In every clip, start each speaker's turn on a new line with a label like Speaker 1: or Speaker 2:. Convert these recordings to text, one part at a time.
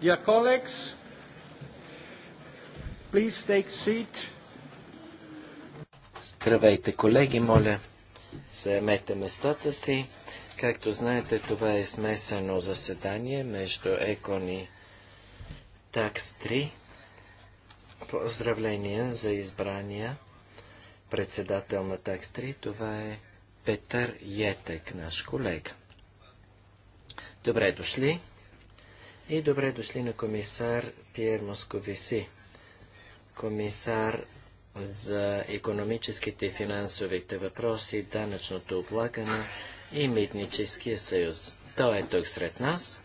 Speaker 1: Dear colleagues, please take seat. Здравейте, колеги, моля, заемете местата си. Както знаете, това е смесено заседание между ЕКОН и ТАКС-3. Поздравления за избрания председател на ТАКС-3. Това е Петър Етек, наш колега. Добре дошли и добре дошли на комисар Пьер Московиси, комисар за економическите и финансовите въпроси, данъчното облагане и митническия съюз. Той е тук сред нас.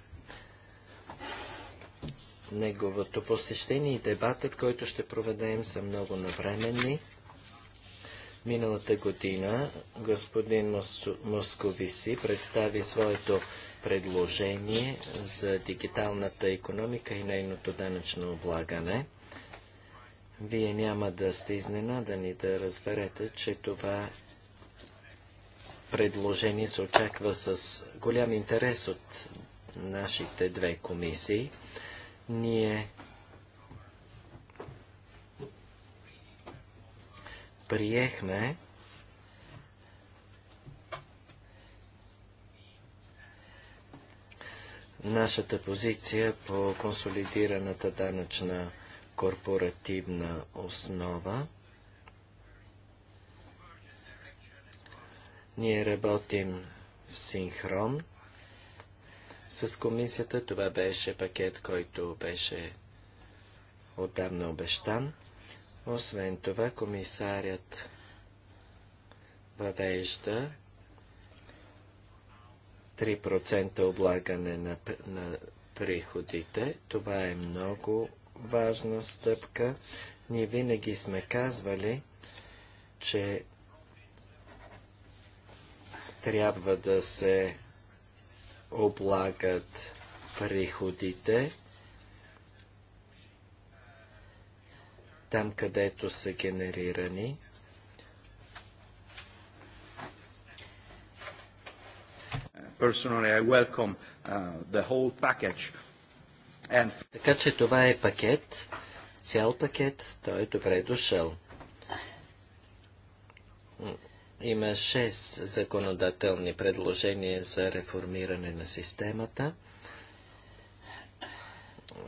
Speaker 1: Неговото посещение и дебатът, който ще проведем, са много навременни. Миналата година господин Мос... Московиси представи своето предложение за дигиталната економика и нейното данъчно облагане. Вие няма да сте изненадани да разберете, че това предложение се очаква с голям интерес от нашите две комисии. Ние приехме нашата позиция по консолидираната данъчна корпоративна основа. Ние работим в синхрон с комисията. Това беше пакет, който беше отдавна обещан. Освен това, комисарят въвежда 3% облагане на, на приходите. Това е много важна стъпка. Ние винаги сме казвали, че трябва да се облагат приходите там, където са генерирани. Personally, I welcome uh, the whole package. And... Така че това е пакет, цял пакет, той е добре дошъл. Има 6 законодателни предложения за реформиране на системата.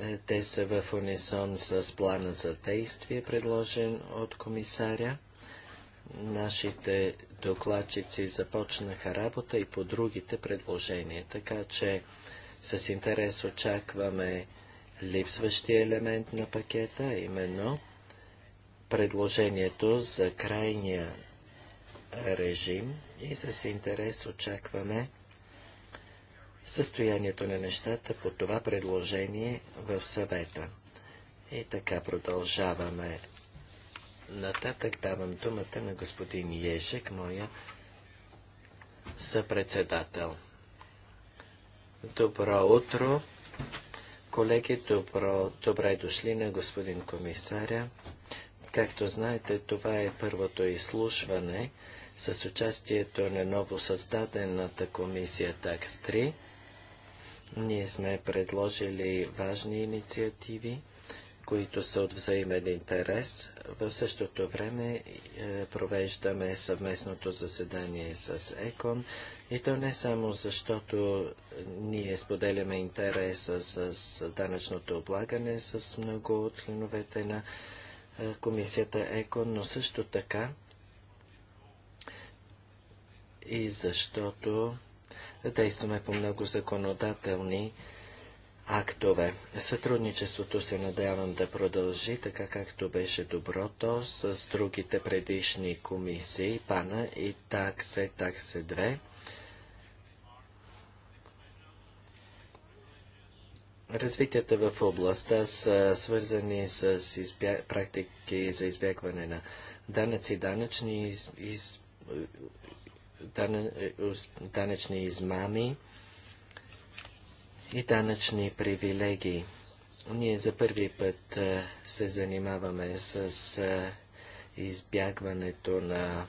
Speaker 1: Е, те са в унисон с плана за действие, предложен от комисаря. Нашите докладчици започнаха работа и по другите предложения, така че с интерес очакваме липсващия елемент на пакета, именно предложението за крайния режим и с интерес очакваме състоянието на нещата по това предложение в съвета. И така продължаваме Нататък давам думата на господин Ежек, моя съпредседател. Добро утро, колеги, добро, добре дошли на господин комисаря. Както знаете, това е първото изслушване с участието на ново създадената комисия ТАКС 3. Ние сме предложили важни инициативи които са от взаимен интерес. В същото време е, провеждаме съвместното заседание с ЕКОН и то не само защото ние споделяме интереса с, данъчното облагане с много от членовете на е, комисията ЕКОН, но също така и защото действаме по много законодателни актове. Сътрудничеството се надявам да продължи, така както беше доброто с другите предишни комисии, ПАНА и ТАКСЕ, ТАКСЕ 2. Развитията в областта са свързани с избя... практики за избягване на данъци, данъчни, из... из... Дан... данъчни измами, и данъчни привилегии. Ние за първи път се занимаваме с избягването на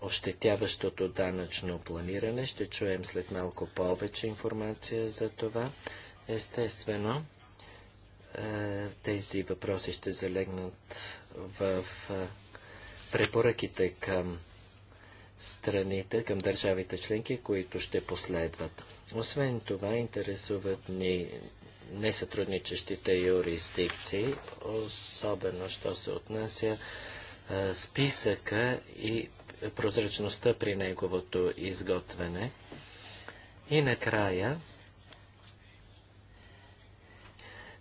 Speaker 1: ощетяващото данъчно планиране. Ще чуем след малко повече информация за това. Естествено, тези въпроси ще залегнат в препоръките към страните, към държавите членки, които ще последват. Освен това, интересуват ни несътрудничещите юрисдикции, особено що се отнася списъка и прозрачността при неговото изготвяне. И накрая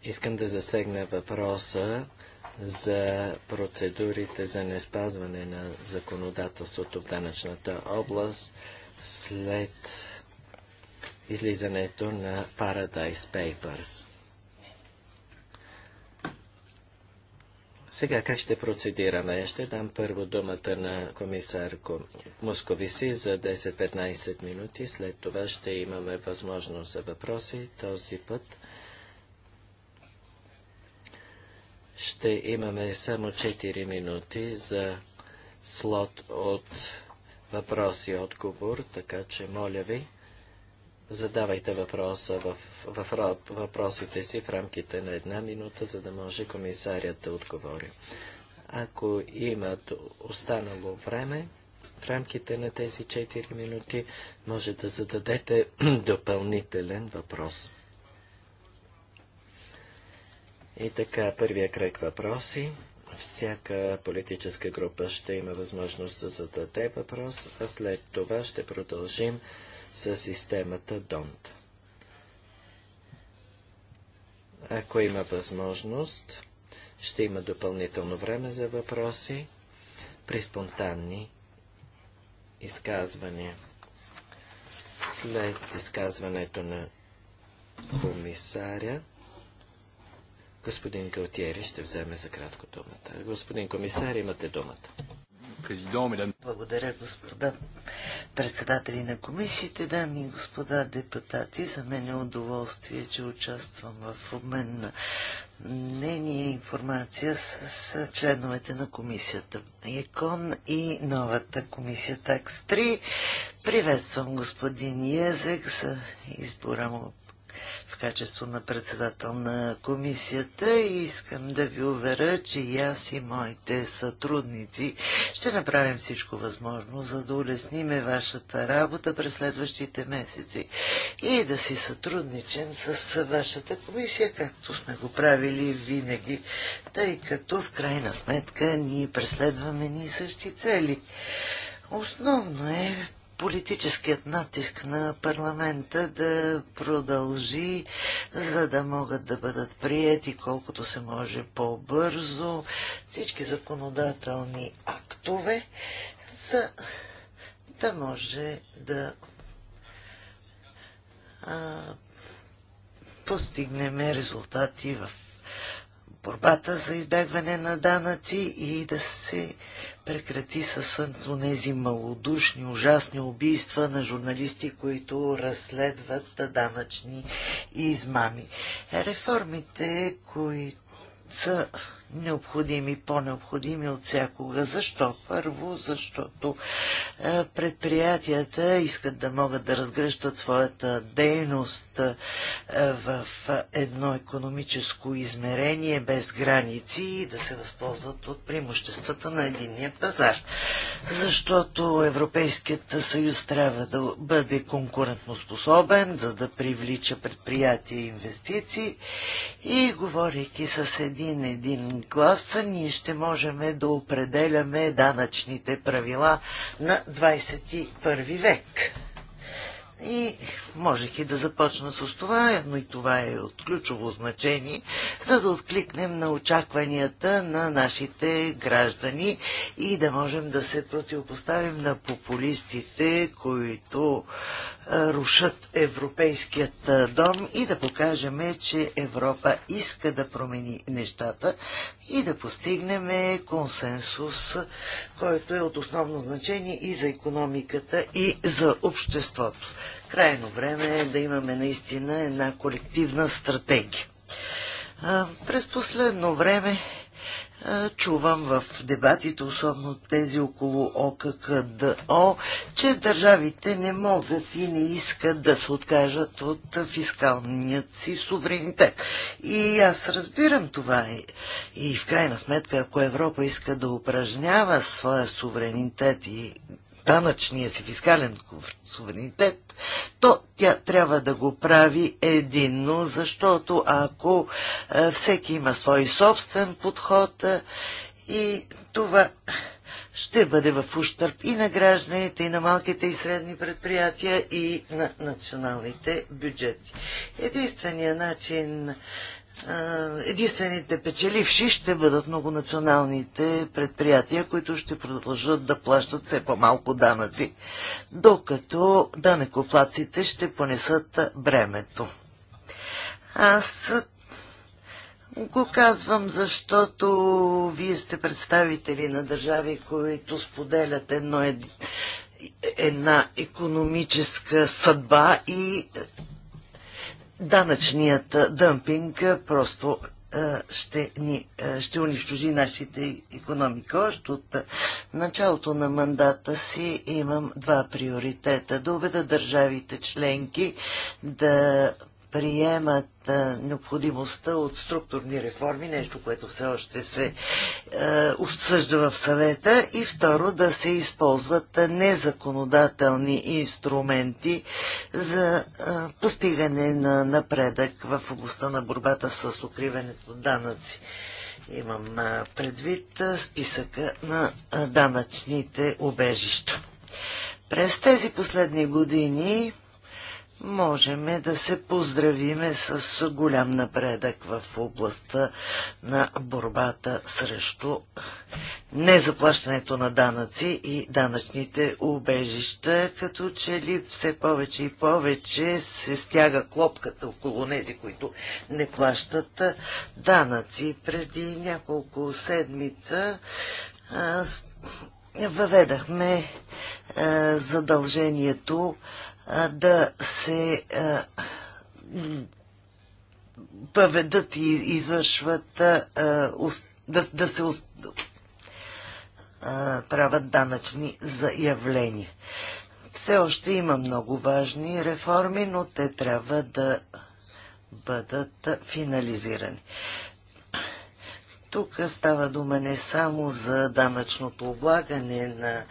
Speaker 1: искам да засегна въпроса за процедурите за неспазване на законодателството в данъчната област след излизането на Paradise Papers. Сега как ще процедираме? Ще дам първо думата на комисар Московиси за 10-15 минути. След това ще имаме възможност за въпроси. Този път ще имаме само 4 минути за слот от въпроси и отговор, така че моля ви Задавайте въпроса в, в, въпросите си в рамките на една минута, за да може комисарят да отговори. Ако имат останало време, в рамките на тези 4 минути може да зададете допълнителен въпрос. И така, първия кръг въпроси. Всяка политическа група ще има възможност да зададе въпрос, а след това ще продължим с системата ДОНТ. Ако има възможност, ще има допълнително време за въпроси при спонтанни изказвания. След изказването на комисаря, господин Галтиери ще вземе за кратко думата. Господин комисар, имате думата. Благодаря,
Speaker 2: господа председатели на комисиите, дами и господа депутати. За мен е удоволствие, че участвам в обмен на мнение и информация с, с членовете на комисията ЕКОН и новата комисия ТАКС-3. Приветствам господин Язек за избора му в качество на председател на комисията и искам да ви уверя, че и аз и моите сътрудници ще направим всичко възможно, за да улесниме вашата работа през следващите месеци и да си сътрудничим с вашата комисия, както сме го правили винаги, тъй като в крайна сметка ние преследваме ни същи цели. Основно е политическият натиск на парламента да продължи, за да могат да бъдат прияти колкото се може по-бързо всички законодателни актове, за да може да а, постигнем резултати в борбата за избягване на данъци и да се прекрати с тези малодушни, ужасни убийства на журналисти, които разследват данъчни измами. Реформите, които са необходими, по-необходими от всякога. Защо? Първо, защото е, предприятията искат да могат да разгръщат своята дейност е, в едно економическо измерение без граници и да се възползват от преимуществата на единния пазар. Защото Европейският съюз трябва да бъде конкурентноспособен, за да привлича предприятия и инвестиции и говорейки с един един клас, ние ще можем да определяме данъчните правила на 21 век. И Можех и да започна с това, но и това е от ключово значение, за да откликнем на очакванията на нашите граждани и да можем да се противопоставим на популистите, които рушат европейският дом и да покажем, че Европа иска да промени нещата и да постигнем консенсус, който е от основно значение и за економиката, и за обществото. Крайно време е да имаме наистина една колективна стратегия. през последно време чувам в дебатите, особено тези около ОККДО, че държавите не могат и не искат да се откажат от фискалният си суверенитет. И аз разбирам това. и в крайна сметка, ако Европа иска да упражнява своя суверенитет и данъчния си фискален суверенитет, то тя трябва да го прави единно, защото ако е, всеки има свой собствен подход е, и това ще бъде в ущърп и на гражданите, и на малките и средни предприятия, и на националните бюджети. Единственият начин е, единствените печеливши ще бъдат многонационалните предприятия, които ще продължат да плащат все по-малко данъци, докато данекоплаците ще понесат бремето. Аз го казвам, защото вие сте представители на държави, които споделят едно, една економическа съдба и данъчният дъмпинг просто ще, ни, ще унищожи нашите економика. Още от началото на мандата си имам два приоритета. Да убеда държавите членки да приемат необходимостта от структурни реформи, нещо, което все още се обсъжда в съвета, и второ да се използват незаконодателни инструменти за постигане на напредък в областта на борбата с укриването на данъци. Имам предвид списъка на данъчните обежища. През тези последни години можем е да се поздравиме с голям напредък в областта на борбата срещу незаплащането на данъци и данъчните убежища, като че ли все повече и повече се стяга клопката около нези, които не плащат данъци. Преди няколко седмица въведахме задължението да се поведат и извършват да, да се правят данъчни заявления. Все още има много важни реформи, но те трябва да бъдат финализирани. Тук става дума не само за данъчното облагане на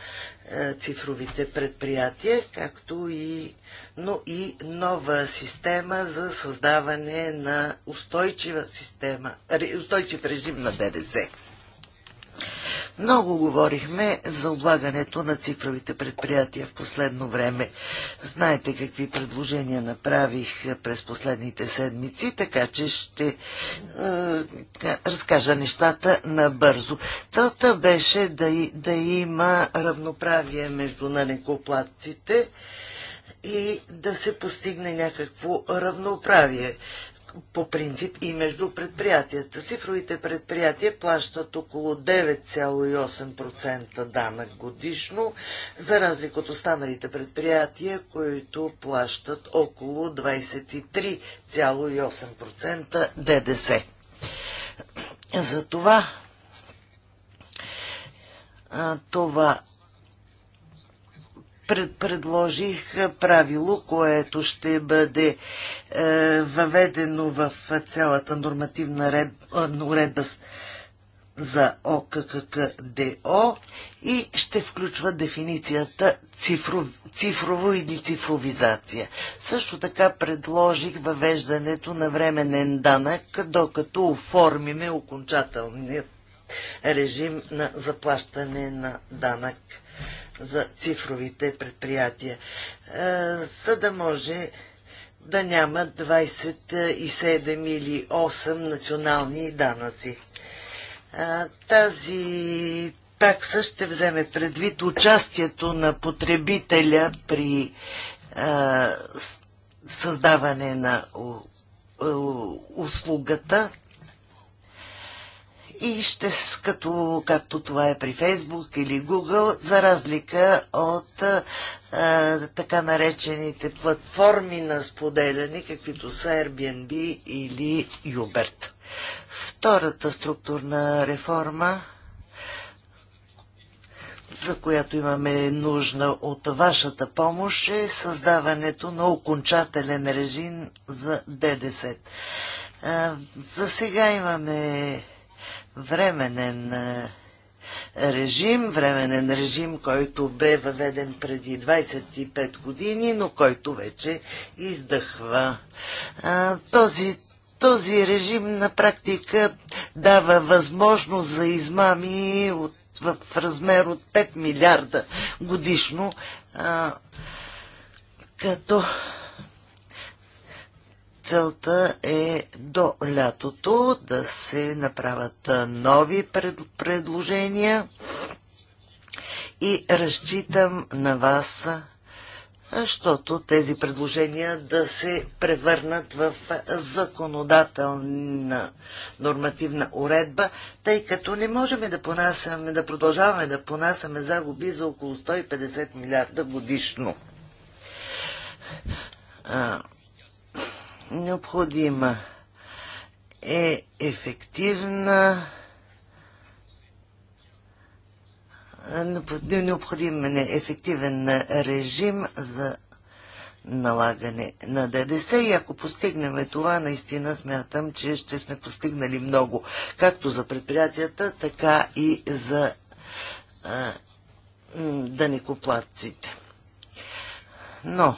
Speaker 2: е, цифровите предприятия, както и, но и нова система за създаване на устойчива система, устойчив режим на ДДС. Много говорихме за облагането на цифровите предприятия в последно време. Знаете какви предложения направих през последните седмици, така че ще е, разкажа нещата набързо. Целта беше да, да има равноправие между нанекоплатците и да се постигне някакво равноправие по принцип и между предприятията. Цифровите предприятия плащат около 9,8% данък годишно, за разлика от останалите предприятия, които плащат около 23,8% ДДС. Затова това предложих правило, което ще бъде е, въведено в цялата нормативна е, уредба за ОККДО и ще включва дефиницията цифров, цифрово или цифровизация. Също така предложих въвеждането на временен данък, докато оформиме окончателният режим на заплащане на данък за цифровите предприятия, за да може да няма 27 или 8 национални данъци. Тази такса ще вземе предвид участието на потребителя при създаване на услугата и ще, като, както това е при Фейсбук или Google, за разлика от а, така наречените платформи на споделяне, каквито са Airbnb или Uber. Втората структурна реформа за която имаме нужда от вашата помощ е създаването на окончателен режим за ДДС. За сега имаме временен е, режим, временен режим, който бе въведен преди 25 години, но който вече издъхва. Този, този режим на практика дава възможност за измами от, в размер от 5 милиарда годишно, като целта е до лятото да се направят нови пред, предложения и разчитам на вас, защото тези предложения да се превърнат в законодателна нормативна уредба, тъй като не можем да понасяме, да продължаваме да понасяме загуби за около 150 милиарда годишно Необходима е ефективна необходим е ефективен режим за налагане на ДДС и ако постигнем това, наистина смятам, че ще сме постигнали много, както за предприятията, така и за а, данекоплатците. Но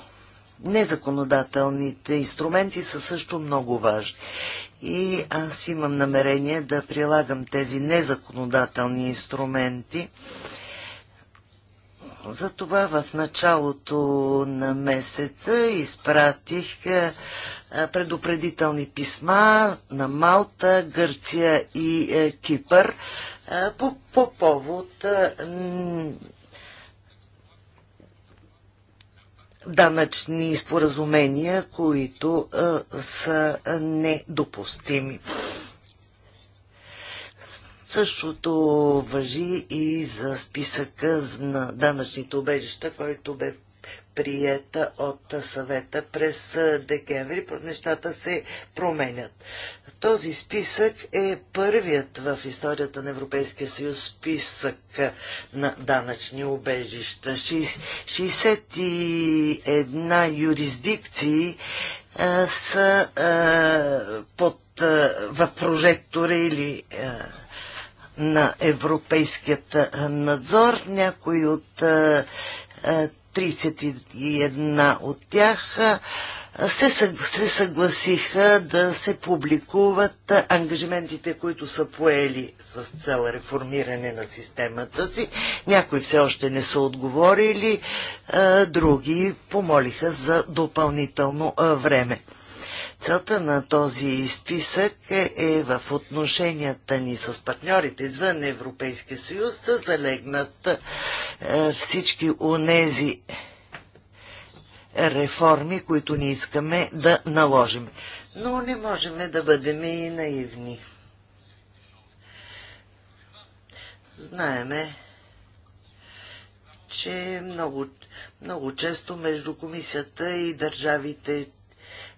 Speaker 2: незаконодателните инструменти са също много важни. И аз имам намерение да прилагам тези незаконодателни инструменти. Затова в началото на месеца изпратих е, е, предупредителни писма на Малта, Гърция и е, Кипър по, по повод данъчни споразумения, които а, са недопустими. Същото въжи и за списъка на данъчните убежища, който бе приета от съвета през декември. Нещата се променят. Този списък е първият в историята на Европейския съюз списък на данъчни обежища. 61 юрисдикции са под, в прожектора или на европейският надзор. Някои от 31 от тях се, се съгласиха да се публикуват ангажиментите, които са поели с цел реформиране на системата си. Някои все още не са отговорили, други помолиха за допълнително време. Целта на този списък е, е в отношенията ни с партньорите извън Европейския съюз да залегнат е, всички унези реформи, които ни искаме да наложим. Но не можем да бъдем и наивни. Знаеме, че много, много често между комисията и държавите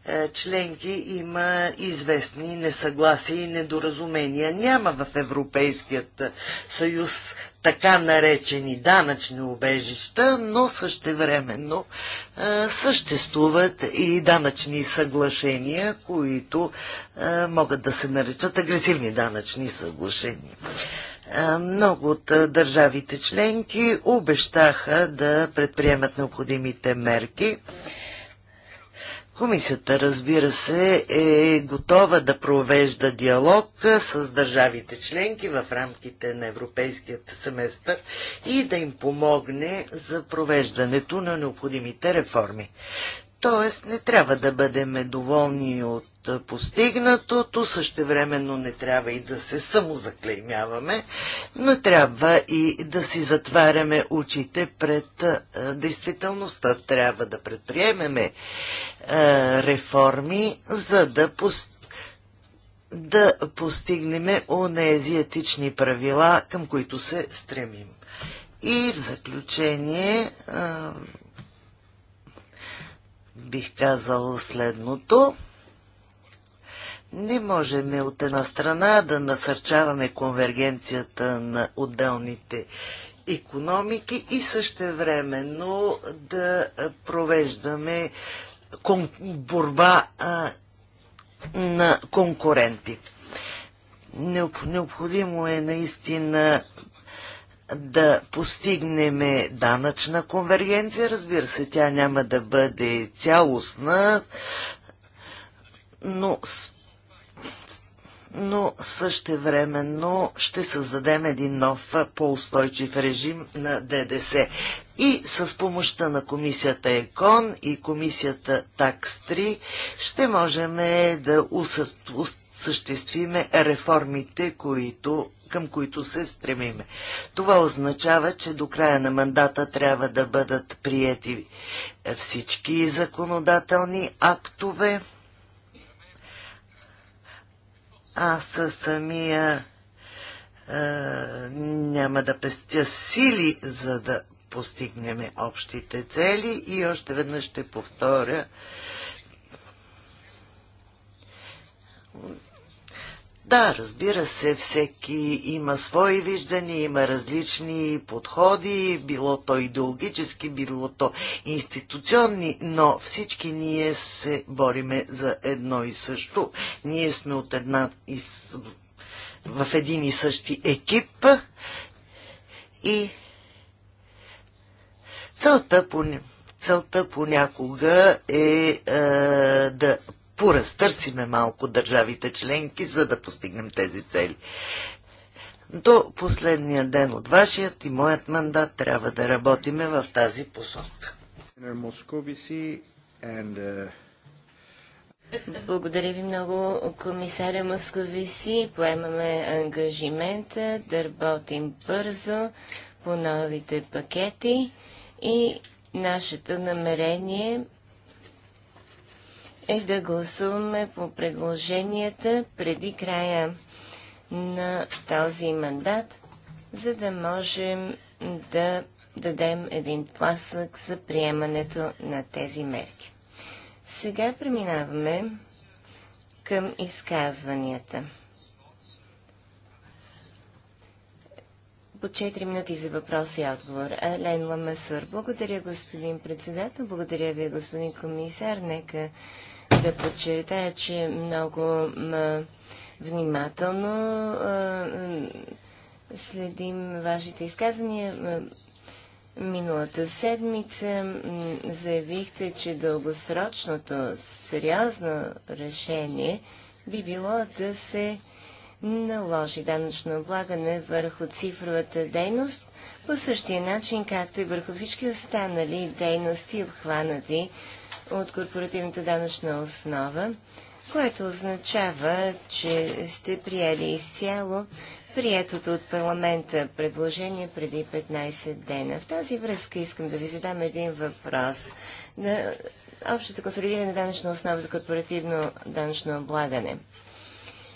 Speaker 2: е, членки има известни несъгласия и недоразумения. Няма в Европейският съюз така наречени данъчни убежища, но същевременно времено съществуват и данъчни съглашения, които е, могат да се наречат агресивни данъчни съглашения. Е, много от държавите членки обещаха да предприемат необходимите мерки. Комисията, разбира се, е готова да провежда диалог с държавите членки в рамките на Европейският семестър и да им помогне за провеждането на необходимите реформи. Т.е. не трябва да бъдем доволни от постигнатото, същевременно не трябва и да се самозаклеймяваме, но трябва и да си затваряме очите пред действителността. Трябва да предприемеме реформи, за да постигнем да постигнем онези етични правила, към които се стремим. И в заключение бих казал следното. Не можем от една страна да насърчаваме конвергенцията на отделните економики и същевременно да провеждаме борба на конкуренти. Необходимо е наистина да постигнем данъчна конвергенция. Разбира се, тя няма да бъде цялостна, но, но същевременно ще създадем един нов по-устойчив режим на ДДС. И с помощта на комисията ЕКОН и комисията ТАКС-3 ще можем да осъществиме реформите, които към които се стремиме. Това означава, че до края на мандата трябва да бъдат приети е, всички законодателни актове. със самия е, няма да пестя сили, за да постигнем общите цели и още веднъж ще повторя, Да, разбира се, всеки има свои виждания, има различни подходи, било то идеологически, било то институционни, но всички ние се бориме за едно и също. Ние сме от една и с... в един и същи екип и целта по целта понякога е, е да поразтърсиме малко държавите членки, за да постигнем тези цели. До последния ден от вашият и моят мандат трябва да работиме в
Speaker 3: тази посока. Е, благодаря ви много, комисаря Московиси. Поемаме ангажимента да работим бързо по новите пакети и нашето намерение е да гласуваме по предложенията преди края на този мандат, за да можем да дадем един пласък за приемането на тези мерки. Сега преминаваме към изказванията. По 4 минути за въпрос и отговор. Лен Ламасур. Благодаря, господин председател. Благодаря ви, господин комисар. Нека да подчертая, че много внимателно следим вашите изказвания. Миналата седмица заявихте, че дългосрочното сериозно решение би било да се наложи данъчно облагане върху цифровата дейност по същия начин, както и върху всички останали дейности, обхванати от корпоративната данъчна основа, което означава, че сте приели изцяло приетото от парламента предложение преди 15 дена. В тази връзка искам да ви задам един въпрос. На общата консолидирана данъчна основа за корпоративно данъчно облагане.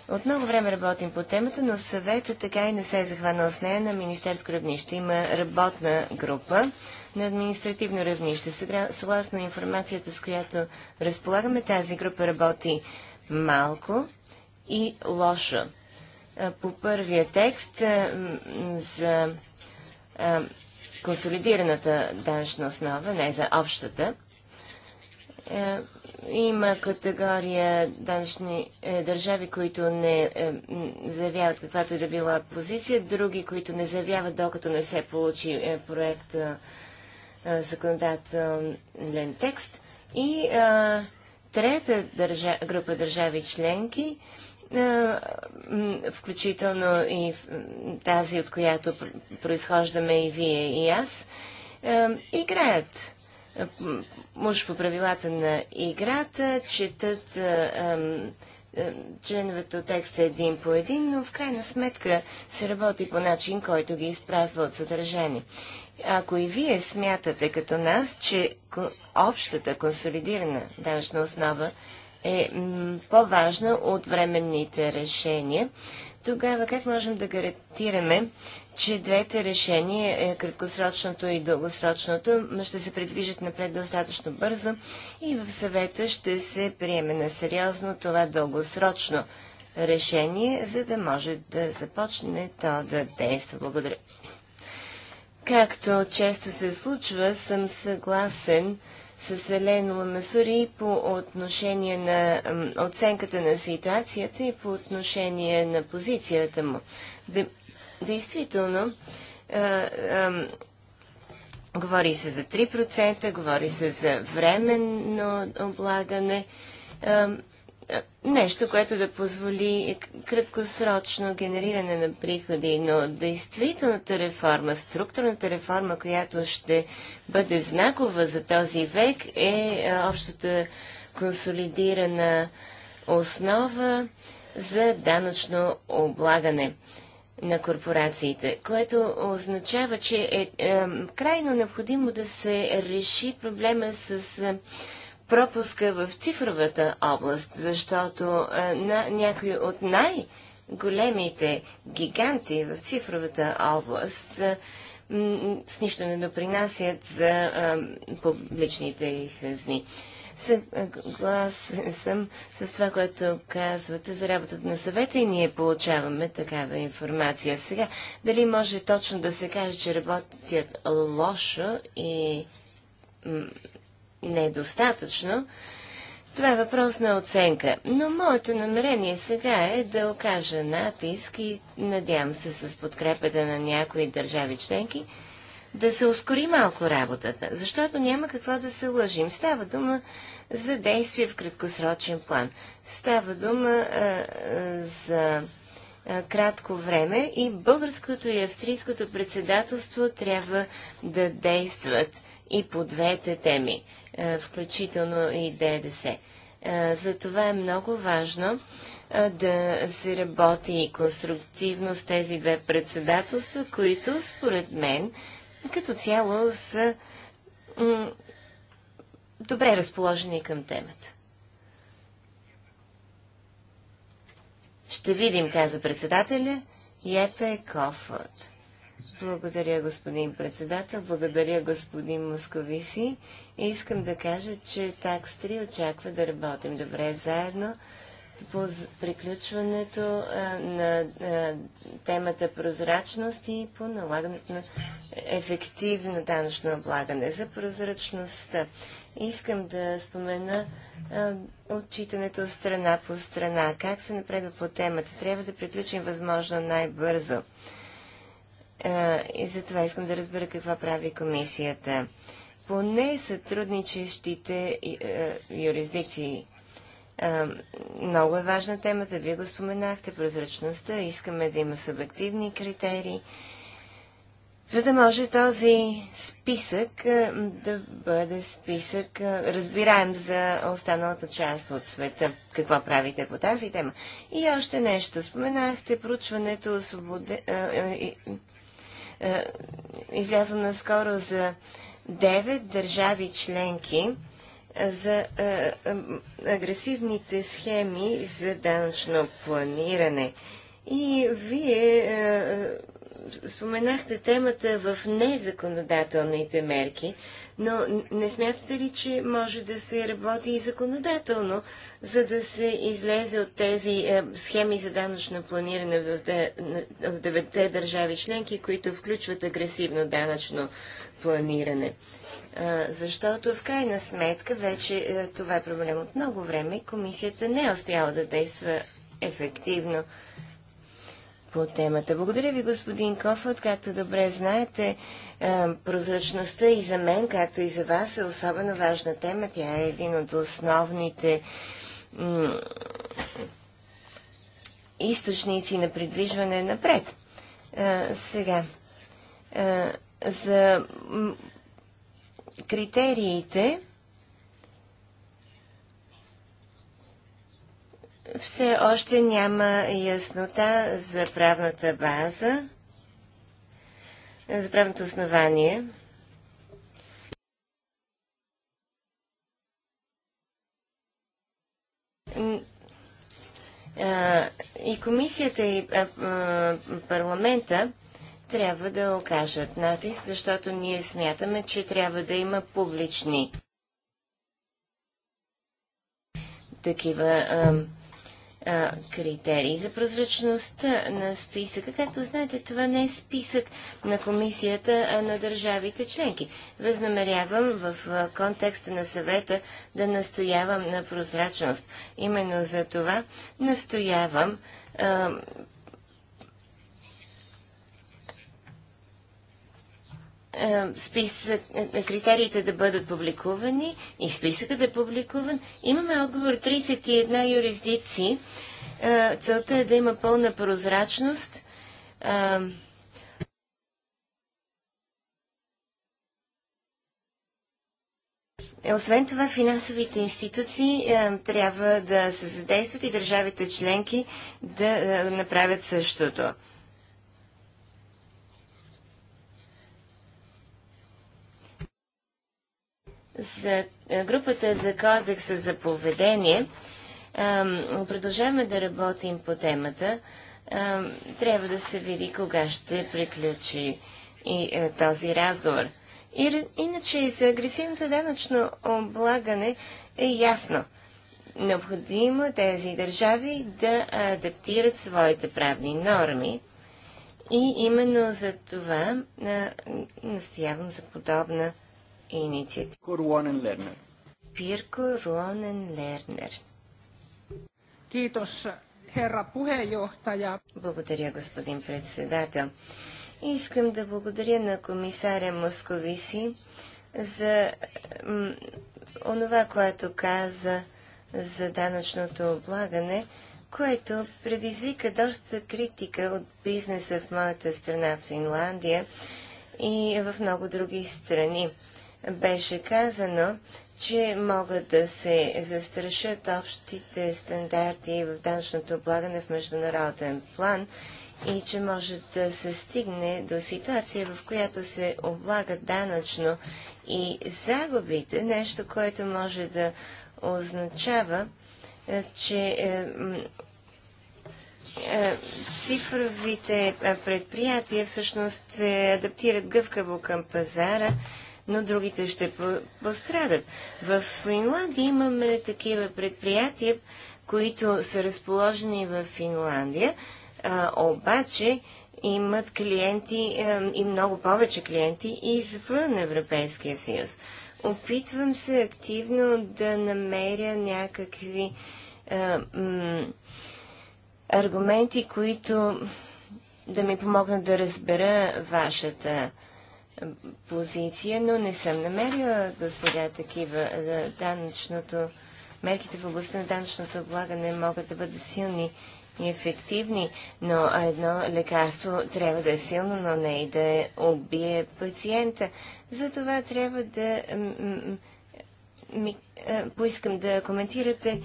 Speaker 3: От много време работим по темата, но съветът така и не се е захванал с нея на министерско равнище. Има работна група на административно равнище. съгласно информацията, с която разполагаме, тази група работи малко и лошо. По първия текст за консолидираната данъчна основа, не за общата, има категория данъчни е, държави, които не е, заявяват каквато и е да била позиция, други, които не заявяват, докато не се получи е, проект законодателен текст. И а, трета държа, група държави членки, а, включително и тази, от която произхождаме и вие и аз, а, играят мъж по правилата на играта, четат членовете от текста един по един, но в крайна сметка се работи по начин, който ги изпразва от съдържание. Ако и вие смятате като нас, че общата консолидирана данъчна основа е по-важна от временните решения, тогава как можем да гарантираме, че двете решения, е, краткосрочното и дългосрочното, ще се предвижат напред достатъчно бързо и в съвета ще се приеме на сериозно това дългосрочно решение, за да може да започне то да действа. Благодаря. Както често се случва, съм съгласен с Елено Масури по отношение на оценката на ситуацията и по отношение на позицията му. действително, говори се за 3%, говори се за временно облагане нещо, което да позволи краткосрочно генериране на приходи, но действителната реформа, структурната реформа, която ще бъде знакова за този век, е общата консолидирана основа за данъчно облагане на корпорациите, което означава, че е, е крайно необходимо да се реши проблема с е, пропуска в цифровата област, защото а, е, на някои от най-големите гиганти в цифровата област а, е, с нищо не допринасят за а, е, публичните хазни. Съгласен съм с това, което казвате за работата на съвета и ние получаваме такава информация. Сега, дали може точно да се каже, че работят лошо и недостатъчно. Това е въпрос на оценка. Но моето намерение сега е да окажа натиск и надявам се с подкрепата на някои държави членки да се ускори малко работата, защото няма какво да се лъжим. Става дума за действие в краткосрочен план. Става дума а, а, за а, кратко време и българското и австрийското председателство трябва да действат и по двете теми. Е, включително и ДДС. Е, Затова е много важно е, да се работи конструктивно с тези две председателства, които според мен като цяло са добре разположени към темата. Ще видим, каза председателя, Епе Кофът. Благодаря, господин председател. Благодаря, господин Московиси. Искам да кажа, че такс 3 очаква да работим добре заедно по приключването а, на а, темата прозрачност и по налагането на ефективно данъчно облагане за прозрачността. Искам да спомена а, отчитането страна по страна. Как се напредва по темата? Трябва да приключим възможно най-бързо. И затова искам да разбера какво прави комисията поне сътрудничещите е, е, юрисдикции. Е, много е важна темата, вие го споменахте, прозрачността, искаме да има субективни критерии, за да може този списък да бъде списък, разбираем за останалата част от света, какво правите по тази тема. И още нещо, споменахте проучването, свободе... излязло наскоро за Девет държави членки за агресивните схеми за данъчно планиране. И вие споменахте темата в незаконодателните мерки, но не смятате ли, че може да се работи и законодателно, за да се излезе от тези е, схеми за данъчно планиране в, деветте девете държави членки, които включват агресивно данъчно планиране? Е, защото в крайна сметка вече е, това е проблем от много време и комисията не е успяла да действа ефективно по темата. Благодаря ви, господин Кофът. Както добре знаете, е, прозрачността и за мен, както и за вас, е особено важна тема. Тя е един от основните източници на придвижване напред. Е, сега, е, за критериите, Все още няма яснота за правната база, за правното основание. И комисията и парламента трябва да окажат натиск, защото ние смятаме, че трябва да има публични такива а, критерии. За прозрачността на списъка, както знаете, това не е списък на комисията, а на държавите членки. Възнамерявам в контекста на съвета да настоявам на прозрачност. Именно за това настоявам Е, списък, е, е, критериите да бъдат публикувани и списъкът да е публикуван. Имаме отговор 31 юрисдикции. Целта е да има пълна прозрачност. Освен това, финансовите институции е, трябва да се задействат и държавите членки да е, направят същото. За е, групата за кодекса за поведение продължаваме да работим по темата. Трябва да се види кога ще приключи и е, този разговор. И, иначе и за агресивното данъчно облагане е ясно. Необходимо е тези държави да адаптират своите правни норми. И именно за това настоявам за подобна инициатива. Руонен Лернер. Пирко Руонен Лернер. Благодаря, господин председател. Искам да благодаря на комисаря Московиси за онова, което каза за данъчното облагане, което предизвика доста критика от бизнеса в моята страна, Финландия и в много други страни беше казано, че могат да се застрашат общите стандарти в данъчното облагане в международен план и че може да се стигне до ситуация, в която се облага данъчно и загубите, нещо, което може да означава, е, че е, е цифровите е, предприятия всъщност се адаптират гъвкаво към пазара но другите ще пострадат. В Финландия имаме такива предприятия, които са разположени в Финландия, а, обаче имат клиенти а, и много повече клиенти извън Европейския съюз. Опитвам се активно да намеря някакви а, аргументи, които да ми помогнат да разбера вашата позиция, но не съм намерила до сега такива. Е, данъчното, мерките в областта на данъчното облагане могат да бъдат силни и ефективни, но едно лекарство трябва да е силно, но не и да е убие пациента. Затова трябва да ми, е, поискам да коментирате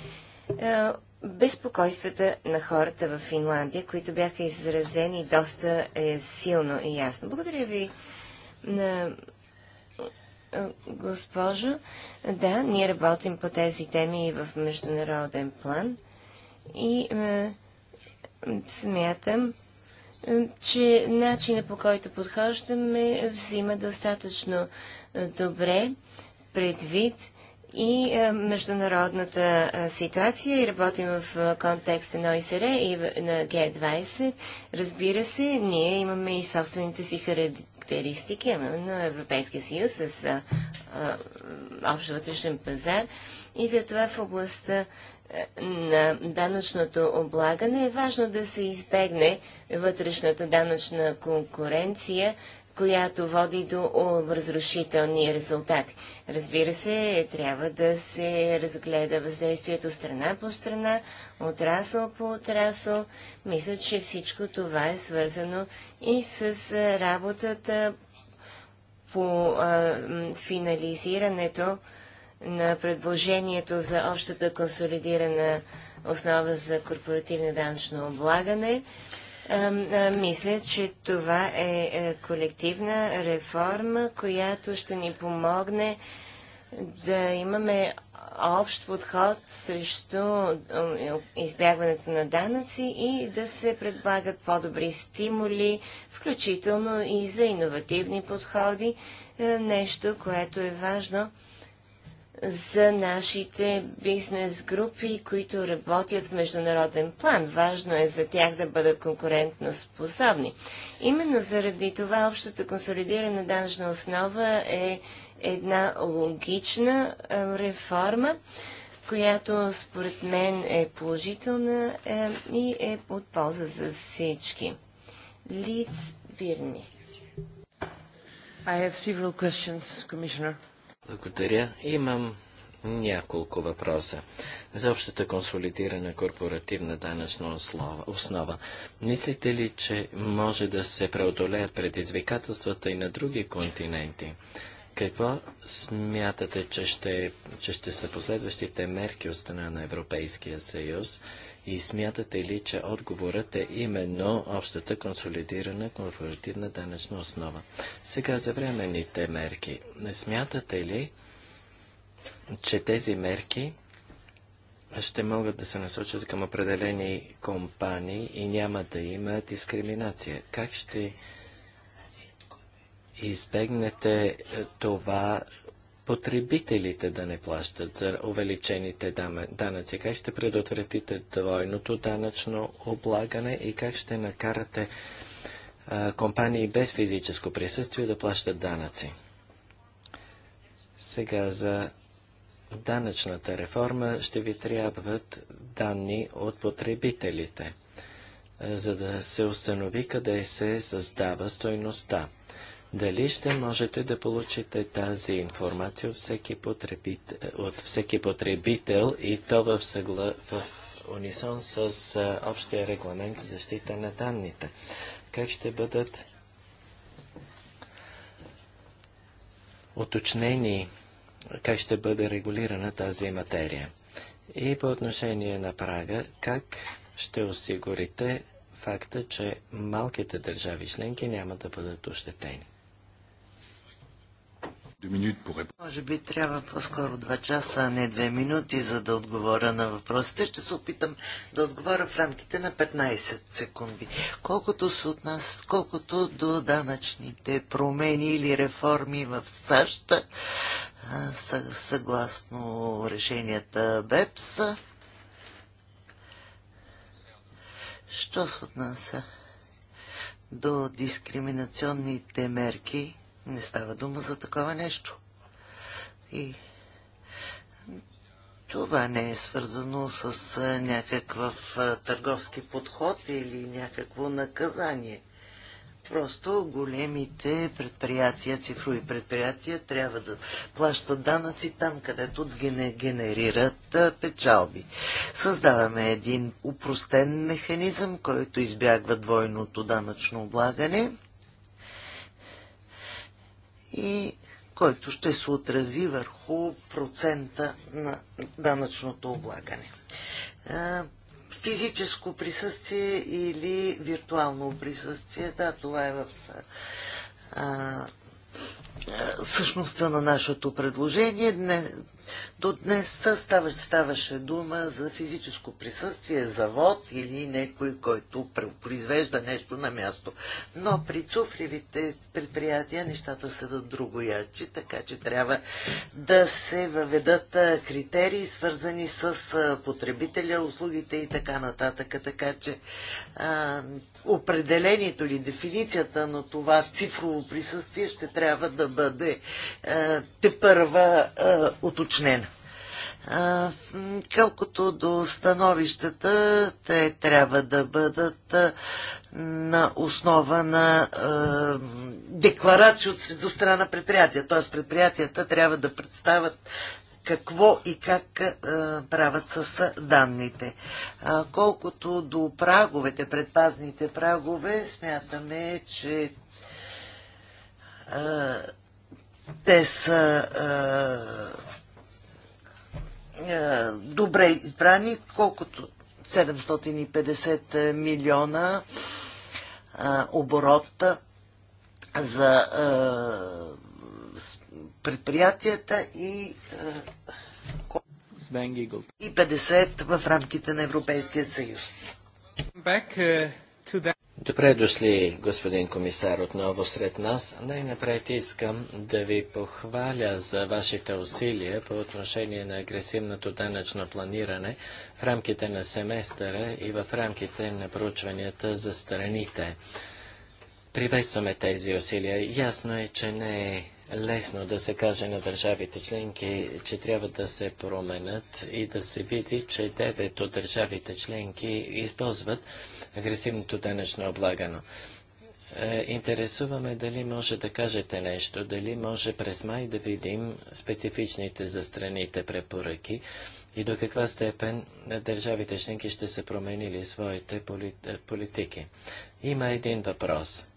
Speaker 3: безпокойствата на хората в Финландия, които бяха изразени доста е, силно и ясно. Благодаря ви на госпожо. Да, ние работим по тези теми и в международен план. И е, смятам, че начина по който подхождаме взима достатъчно добре предвид и е, международната е, ситуация и работим в е, контекста на ОИСР и в, на Г-20. Разбира се, ние имаме и собствените си характеристики характеристики, на Европейския съюз с а, а, общ вътрешен пазар и затова в областта на данъчното облагане е важно да се избегне вътрешната данъчна конкуренция която води до разрушителни резултати. Разбира се, трябва да се разгледа въздействието страна по страна, отрасъл по отрасъл. Мисля, че всичко това е свързано и с работата по а, финализирането на предложението за общата консолидирана основа за корпоративно данъчно облагане – мисля, че това е, е колективна реформа, която ще ни помогне да имаме общ подход срещу избягването на данъци и да се предлагат по-добри стимули, включително и за иновативни подходи, е, нещо, което е важно за нашите бизнес групи, които работят в международен план. Важно е за тях да бъдат конкурентно способни. Именно заради това общата консолидирана данъчна основа е една логична реформа, която според мен е положителна и е от полза за всички. Лиц Бирни. I have several questions, Commissioner.
Speaker 1: Благодаря. Имам няколко въпроса. За общата консолидирана корпоративна данъчна основа. Мислите ли, че може да се преодолеят предизвикателствата и на други континенти? Какво смятате, че ще, че ще са последващите мерки от страна на Европейския съюз и смятате ли, че отговорът е именно общата консолидирана корпоративна данъчна основа? Сега за временните мерки. Не смятате ли, че тези мерки ще могат да се насочат към определени компании и няма да има дискриминация? Как ще избегнете е, това потребителите да не плащат за увеличените данъци? Как ще предотвратите двойното данъчно облагане и как ще накарате е, компании без физическо присъствие да плащат данъци? Сега за данъчната реформа ще ви трябват данни от потребителите, е, за да се установи къде се създава стойността. Дали ще можете да получите тази информация от всеки, потребител, от всеки потребител и то в, съгла... в унисон с е, общия регламент за защита на данните? Как ще бъдат уточнени, как ще бъде регулирана тази материя? И по отношение на прага, как ще осигурите факта, че малките държави членки няма да бъдат ощетени?
Speaker 3: Може
Speaker 2: би трябва по-скоро 2 часа, а не 2 минути, за да отговоря на въпросите. Ще се опитам да отговоря в рамките на 15 секунди. Колкото се от нас, колкото до данъчните промени или реформи в САЩ, съгласно решенията БЕПса, що се отнася до дискриминационните мерки, не става дума за такова нещо. И това не е свързано с някакъв търговски подход или някакво наказание. Просто големите предприятия, цифрови предприятия, трябва да плащат данъци там, където генерират печалби. Създаваме един упростен механизъм, който избягва двойното данъчно облагане и който ще се отрази върху процента на данъчното облагане. Физическо присъствие или виртуално присъствие, да, това е в същността на нашето предложение. Днес, до днес ставаше, ставаше дума за физическо присъствие, завод или някой, който произвежда нещо на място. Но при цуфривите предприятия нещата са да другоячи, така че трябва да се въведат критерии, свързани с потребителя, услугите и така нататък. Така че а, определението или дефиницията на това цифрово присъствие ще трябва да бъде те първа уточнена. Колкото до становищата, те трябва да бъдат на основа на декларация от до страна на предприятия. Т.е. предприятията трябва да представят какво и как правят с данните. Колкото до праговете, предпазните прагове, смятаме, че те са е, добре избрани, колкото 750 е, милиона е, оборота за предприятията и и 50 в рамките на Европейския съюз.
Speaker 1: Back, Добре дошли, господин комисар, отново сред нас. Най-напред искам да ви похваля за вашите усилия по отношение на агресивното данъчно планиране в рамките на семестъра и в рамките на проучванията за страните. Приветстваме тези усилия. Ясно е, че не е лесно да се каже на държавите членки, че трябва да се променят и да се види, че 9 от държавите членки използват агресивното денежно облагано. Е, интересуваме дали може да кажете нещо, дали може през май да видим специфичните за страните препоръки и до каква степен държавите членки ще са променили своите полит... политики. Има един въпрос –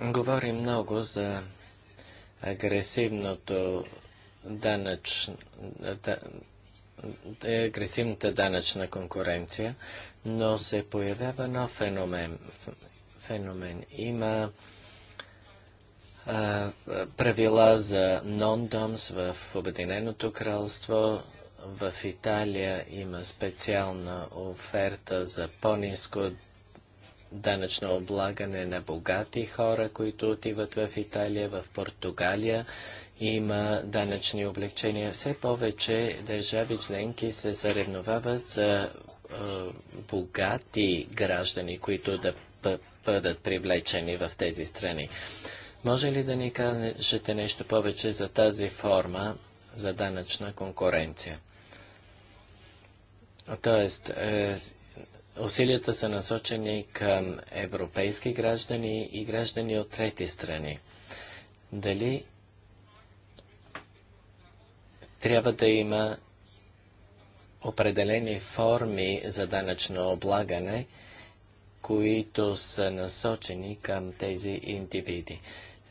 Speaker 1: говори много за агресивното данъч, да, агресивната данъчна конкуренция, но се появява нов феномен. феномен. Има а, правила за нон-домс в Обединеното кралство, в Италия има специална оферта за по-низко данъчно облагане на богати хора, които отиват в Италия, в Португалия. Има данъчни облегчения. Все повече държави членки се заревновават за е, богати граждани, които да бъдат привлечени в тези страни. Може ли да ни кажете нещо повече за тази форма за данъчна конкуренция? Тоест, е, Усилията са насочени към европейски граждани и граждани от трети страни. Дали трябва да има определени форми за данъчно облагане, които са насочени към тези индивиди.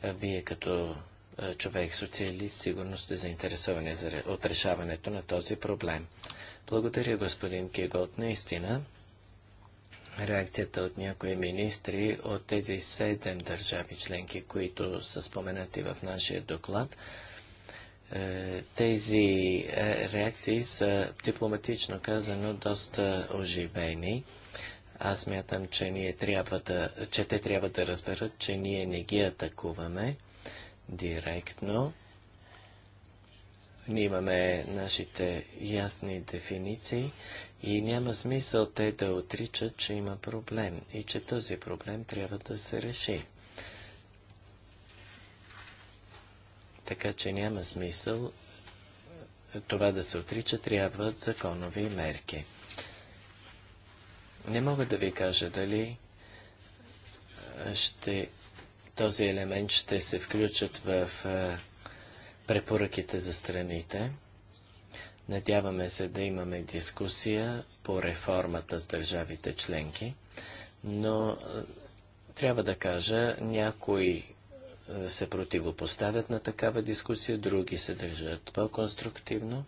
Speaker 1: Вие като е, човек-социалист сигурно сте заинтересовани за, от решаването на този проблем. Благодаря, господин Кигот, наистина реакцията от някои министри от тези седем държави членки, които са споменати в нашия доклад. Е, тези е, реакции са дипломатично казано доста оживени. Аз мятам, че, ние трябва да, че те трябва да разберат, че ние не ги атакуваме директно. Ние имаме нашите ясни дефиниции и няма смисъл те да отричат, че има проблем и че този проблем трябва да се реши. Така че няма смисъл е, това да се отрича, трябват законови мерки. Не мога да ви кажа дали е, ще, този елемент ще се включат в е, препоръките за страните. Надяваме се да имаме дискусия по реформата с държавите членки, но трябва да кажа, някои се противопоставят на такава дискусия, други се държат по-конструктивно.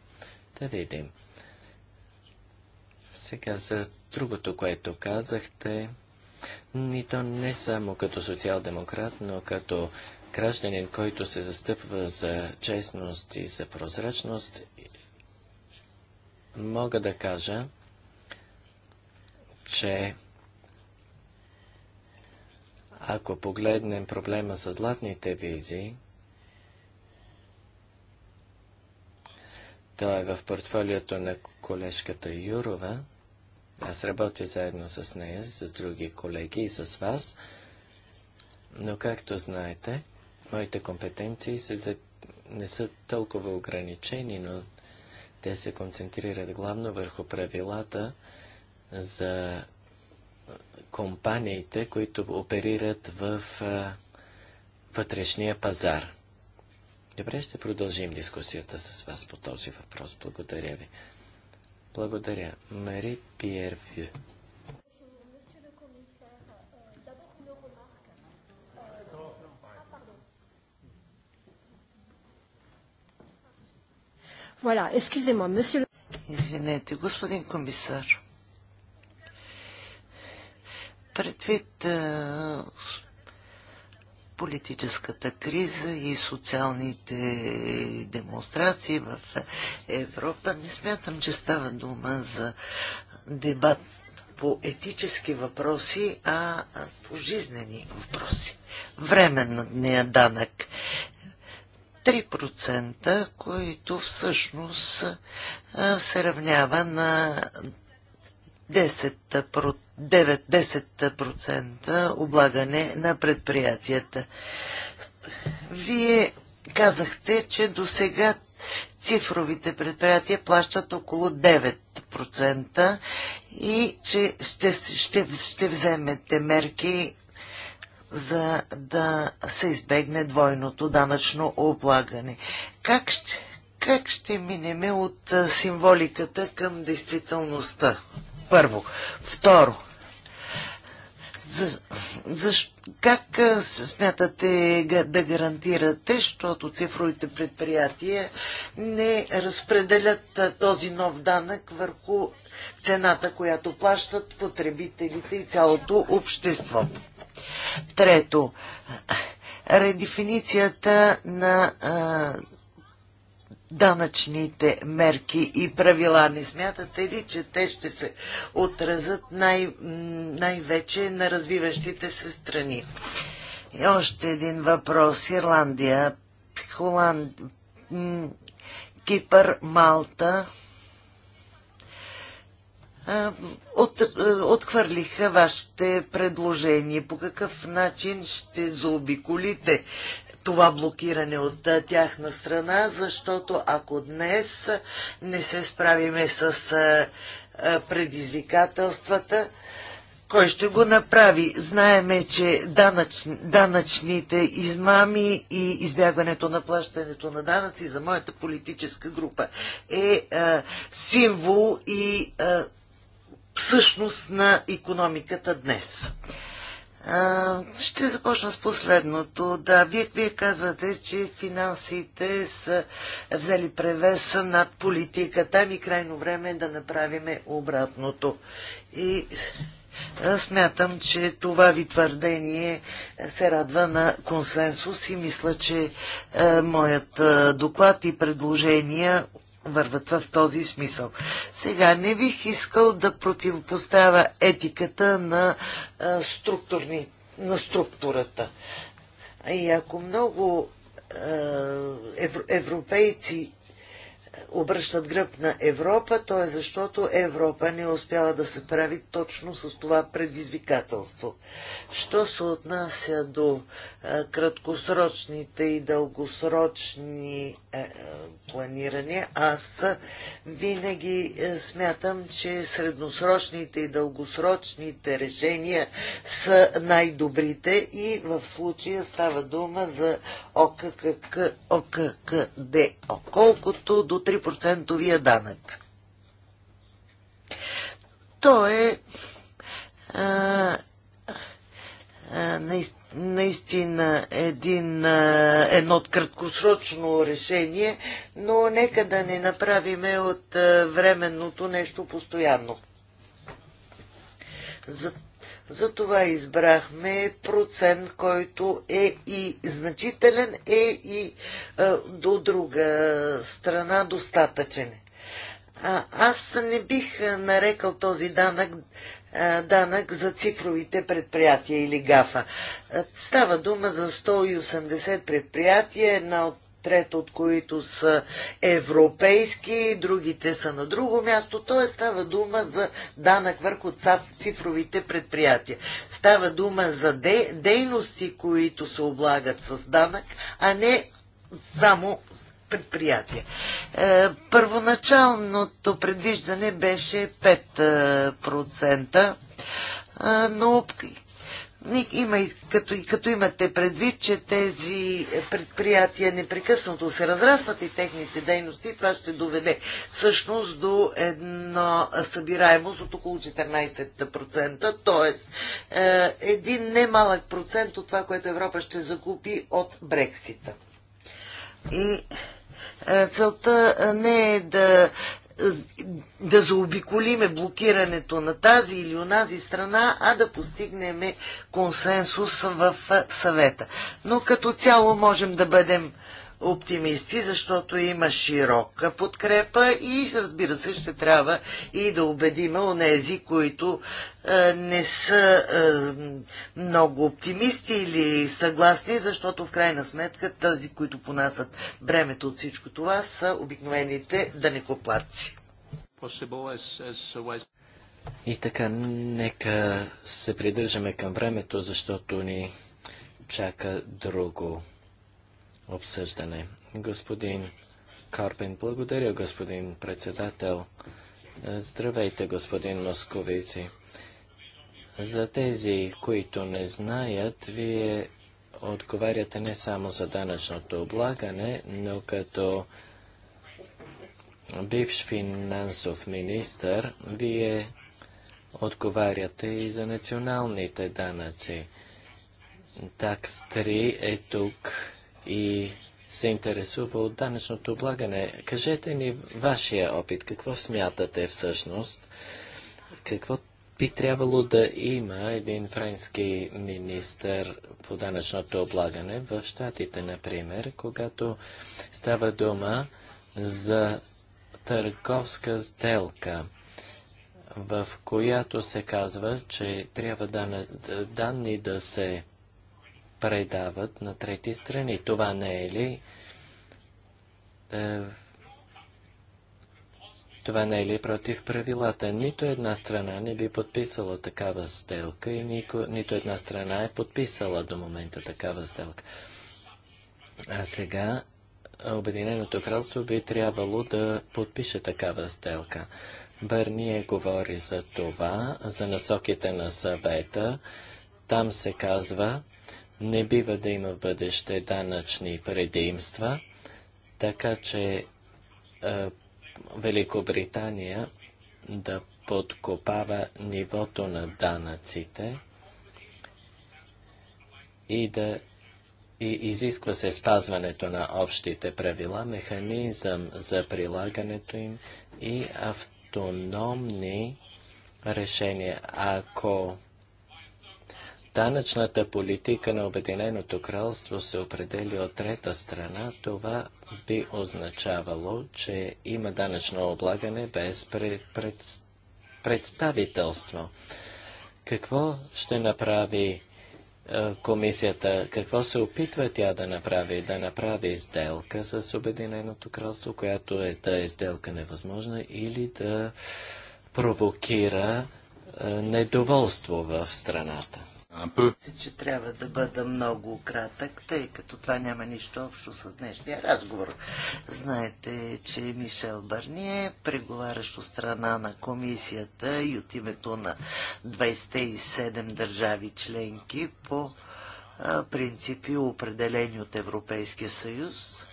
Speaker 1: Да видим. Сега за другото, което казахте, и то не само като социал-демократ, но като гражданин, който се застъпва за честност и за прозрачност, мога да кажа, че ако погледнем проблема с златните визи, то е в портфолиото на колежката Юрова. Аз работя заедно с нея, с други колеги и с вас. Но, както знаете, моите компетенции се за... не са толкова ограничени, но те се концентрират главно върху правилата за компаниите, които оперират в а, вътрешния пазар. Добре, ще продължим дискусията с вас по този въпрос. Благодаря ви. Благодаря. Мари Пиерфю.
Speaker 2: Voilà, excusez-moi, monsieur... Извинете, господин комисар. Предвид а, политическата криза и социалните демонстрации в Европа, не смятам, че става дума за дебат по етически въпроси, а по жизнени въпроси. Временно дния данък 3%, които всъщност се равнява на 9-10% облагане на предприятията. Вие казахте, че до сега цифровите предприятия плащат около 9% и че ще, ще, ще вземете мерки за да се избегне двойното данъчно облагане. Как ще, как ще минеме от символиката към действителността? Първо. Второ. За, за, как смятате да гарантирате, защото цифровите предприятия не разпределят този нов данък върху цената, която плащат потребителите и цялото общество? Трето, редефиницията на а, данъчните мерки и правила. Не смятате ли, че те ще се отразят най- най-вече на развиващите се страни? И още един въпрос. Ирландия, Холанд, Кипър, Малта от, отхвърлиха вашите предложения. По какъв начин ще заобиколите това блокиране от тяхна страна, защото ако днес не се справиме с предизвикателствата, кой ще го направи? Знаеме, че данъч, данъчните измами и избягването на плащането на данъци за моята политическа група е, е символ и е, всъщност на економиката днес. Ще започна с последното. Да, вие, вие казвате, че финансите са взели превеса над политиката. Ми крайно време е да направиме обратното. И смятам, че това ви твърдение се радва на консенсус и мисля, че моят доклад и предложения върват в този смисъл. Сега не бих искал да противопоставя етиката на, а, структурни, на структурата. И ако много а, европейци обръщат гръб на Европа, то е защото Европа не успяла да се прави точно с това предизвикателство. Що се отнася до а, краткосрочните и дългосрочни а, планирания, аз винаги а, смятам, че средносрочните и дългосрочните решения са най-добрите и в случая става дума за ОККД. Колкото до 3% данък. То е а, а, наистина наистина а, едно краткосрочно решение, но нека да не направиме от временното нещо постоянно. За, затова избрахме процент, който е и значителен, е и е, до друга страна достатъчен. А, аз не бих е, нарекал този данък е, данък за цифровите предприятия или ГАФА. Става дума за 180 предприятия, една от трет от които са европейски, другите са на друго място. Т.е. става дума за данък върху цифровите предприятия. Става дума за дейности, които се облагат с данък, а не само предприятия. Е, първоначалното предвиждане беше 5%, е, е, но има, като, като имате предвид, че тези предприятия непрекъснато се разрастват и техните дейности, това ще доведе всъщност до една събираемост от около 14%, т.е. един немалък процент от това, което Европа ще закупи от Брексита. И е, целта не е да да заобиколиме блокирането на тази или онази страна, а да постигнем консенсус в съвета. Но като цяло можем да бъдем оптимисти, защото има широка подкрепа и разбира се ще трябва и да убедиме онези, които е, не са е, много оптимисти или съгласни, защото в крайна сметка тези, които понасят бремето от всичко това, са обикновените данекоплатци.
Speaker 1: И така, нека се придържаме към времето, защото ни чака друго обсъждане. Господин Карпен, благодаря, господин председател. Здравейте, господин Московици. За тези, които не знаят, вие отговаряте не само за данъчното облагане, но като бивш финансов министр, вие отговаряте и за националните данъци. Такс 3 е тук и се интересува от данъчното облагане. Кажете ни вашия опит, какво смятате всъщност, какво би трябвало да има един френски министр по данъчното облагане в Штатите, например, когато става дума за търговска сделка, в която се казва, че трябва данни да се предават на трети страни. Това не е ли е, това не е ли против правилата? Нито една страна не би подписала такава сделка и нико, нито една страна е подписала до момента такава сделка. А сега Обединеното кралство би трябвало да подпише такава сделка. Бърние говори за това, за насоките на съвета. Там се казва, не бива да има в бъдеще данъчни предимства, така че е, Великобритания да подкопава нивото на данъците и да и изисква се спазването на общите правила, механизъм за прилагането им и автономни решения. Ако данъчната политика на Обединеното кралство се определи от трета страна, това би означавало, че има данъчно облагане без пред, пред, представителство. Какво ще направи е, комисията? Какво се опитва тя да направи? Да направи сделка с Обединеното кралство, която е да е сделка невъзможна или да провокира е, недоволство в страната. Мисля, че трябва да
Speaker 2: бъда много кратък, тъй като това няма нищо общо с днешния разговор. Знаете, че Мишел Барние, преговарящ страна на комисията и от името на 27 държави членки по принципи, определени от Европейския съюз,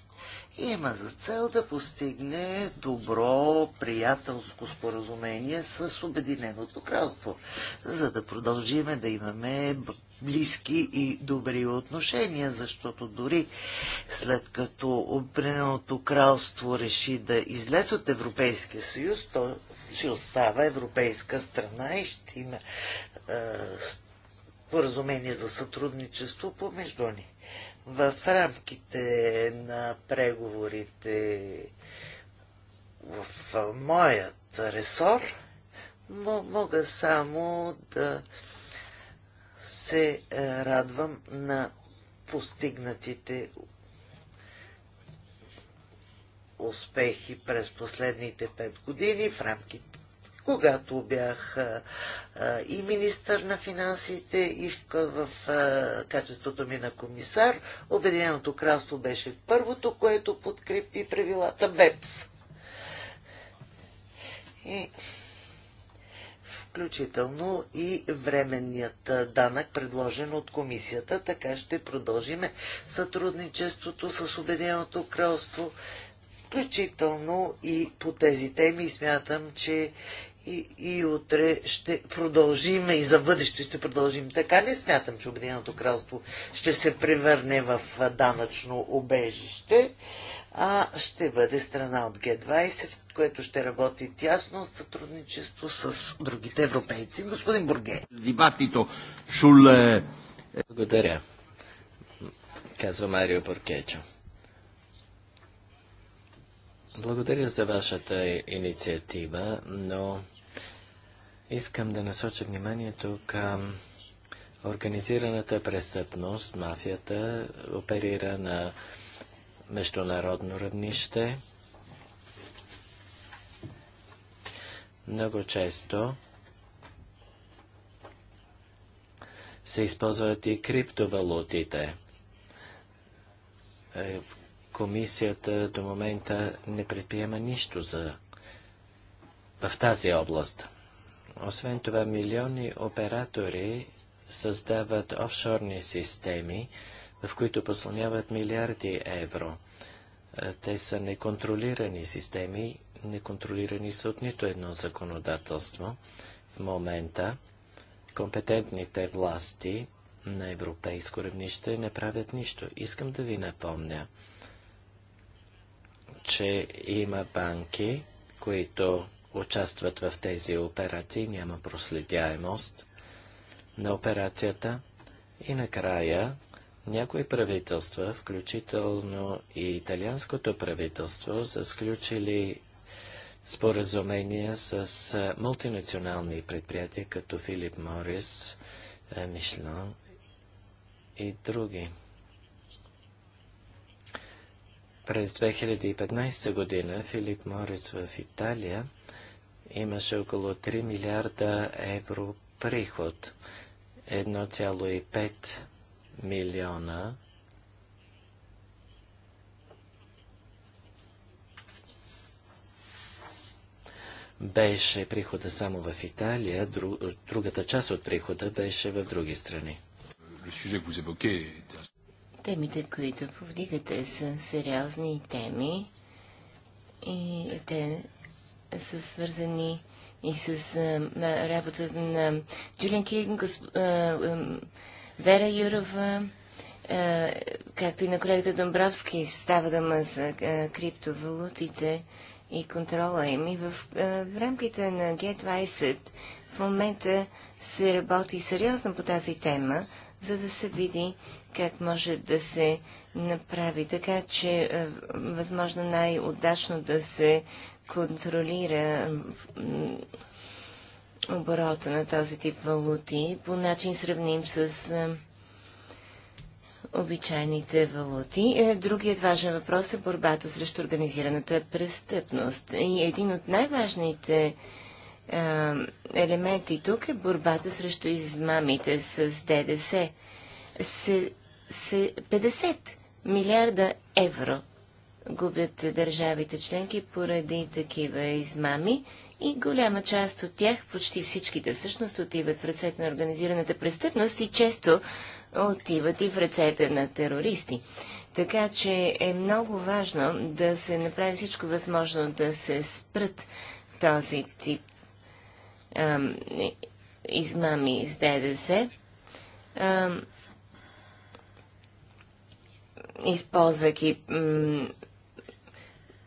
Speaker 2: има за цел да постигне добро приятелско споразумение с Обединеното кралство, за да продължиме да имаме близки и добри отношения, защото дори след като Обединеното кралство реши да излезе от Европейския съюз, то ще остава европейска страна и ще има е, споразумение за сътрудничество помежду ни в рамките на преговорите в моят ресор, мога само да се е, радвам на постигнатите успехи през последните пет години в рамките когато бях и министър на финансите, и в, качеството ми на комисар. Обединеното кралство беше първото, което подкрепи правилата БЕПС. И включително и временният данък, предложен от комисията. Така ще продължиме сътрудничеството с Обединеното кралство, включително и по тези теми. Смятам, че и, и утре ще продължим и за бъдеще ще продължим. Така не смятам, че Обединеното кралство ще се превърне в данъчно обежище, а ще бъде страна от Г-20, което ще работи тясно в сътрудничество с
Speaker 1: другите европейци. Господин Бурге. Дебатито шуле... Е- Благодаря. Казва Марио Буркечо. Благодаря за вашата инициатива, но Искам да насоча вниманието към организираната престъпност, мафията, оперира на международно равнище. Много често се използват и криптовалутите. Е, комисията до момента не предприема нищо за в тази област. Освен това, милиони оператори създават офшорни системи, в които послоняват милиарди евро. Е, те са неконтролирани системи, неконтролирани са от нито едно законодателство. В момента компетентните власти на европейско равнище не правят нищо. Искам да ви напомня, че има банки, които участват в тези операции, няма проследяемост на операцията. И накрая някои правителства, включително и италианското правителство, са сключили споразумения с мултинационални предприятия, като Филип Морис, Мишлон и други. През 2015 година Филип Морис в Италия имаше около 3 милиарда евро приход. 1,5 милиона беше прихода само в Италия, другата част от прихода беше в други страни.
Speaker 3: Темите, които повдигате, са сериозни теми и те са свързани и с а, работата на Джулиан Кейн, Вера Юрова, а, както и на колегата Домбровски, става дума за а, криптовалутите и контрола им. И в, а, в рамките на G20 в момента се работи сериозно по тази тема, за да се види как може да се направи така, че възможно най-удачно да се контролира оборота на този тип валути по начин сравним с обичайните валути. Е, другият важен въпрос е борбата срещу организираната престъпност. И един от най-важните елементи тук е борбата срещу измамите с ДДС. 50 милиарда евро губят държавите членки поради такива измами и голяма част от тях, почти всичките всъщност, отиват в ръцете на организираната престъпност и често отиват и в ръцете на терористи. Така че е много важно да се направи всичко възможно да се спрат този тип ам, измами с ДДС. Ам, използвайки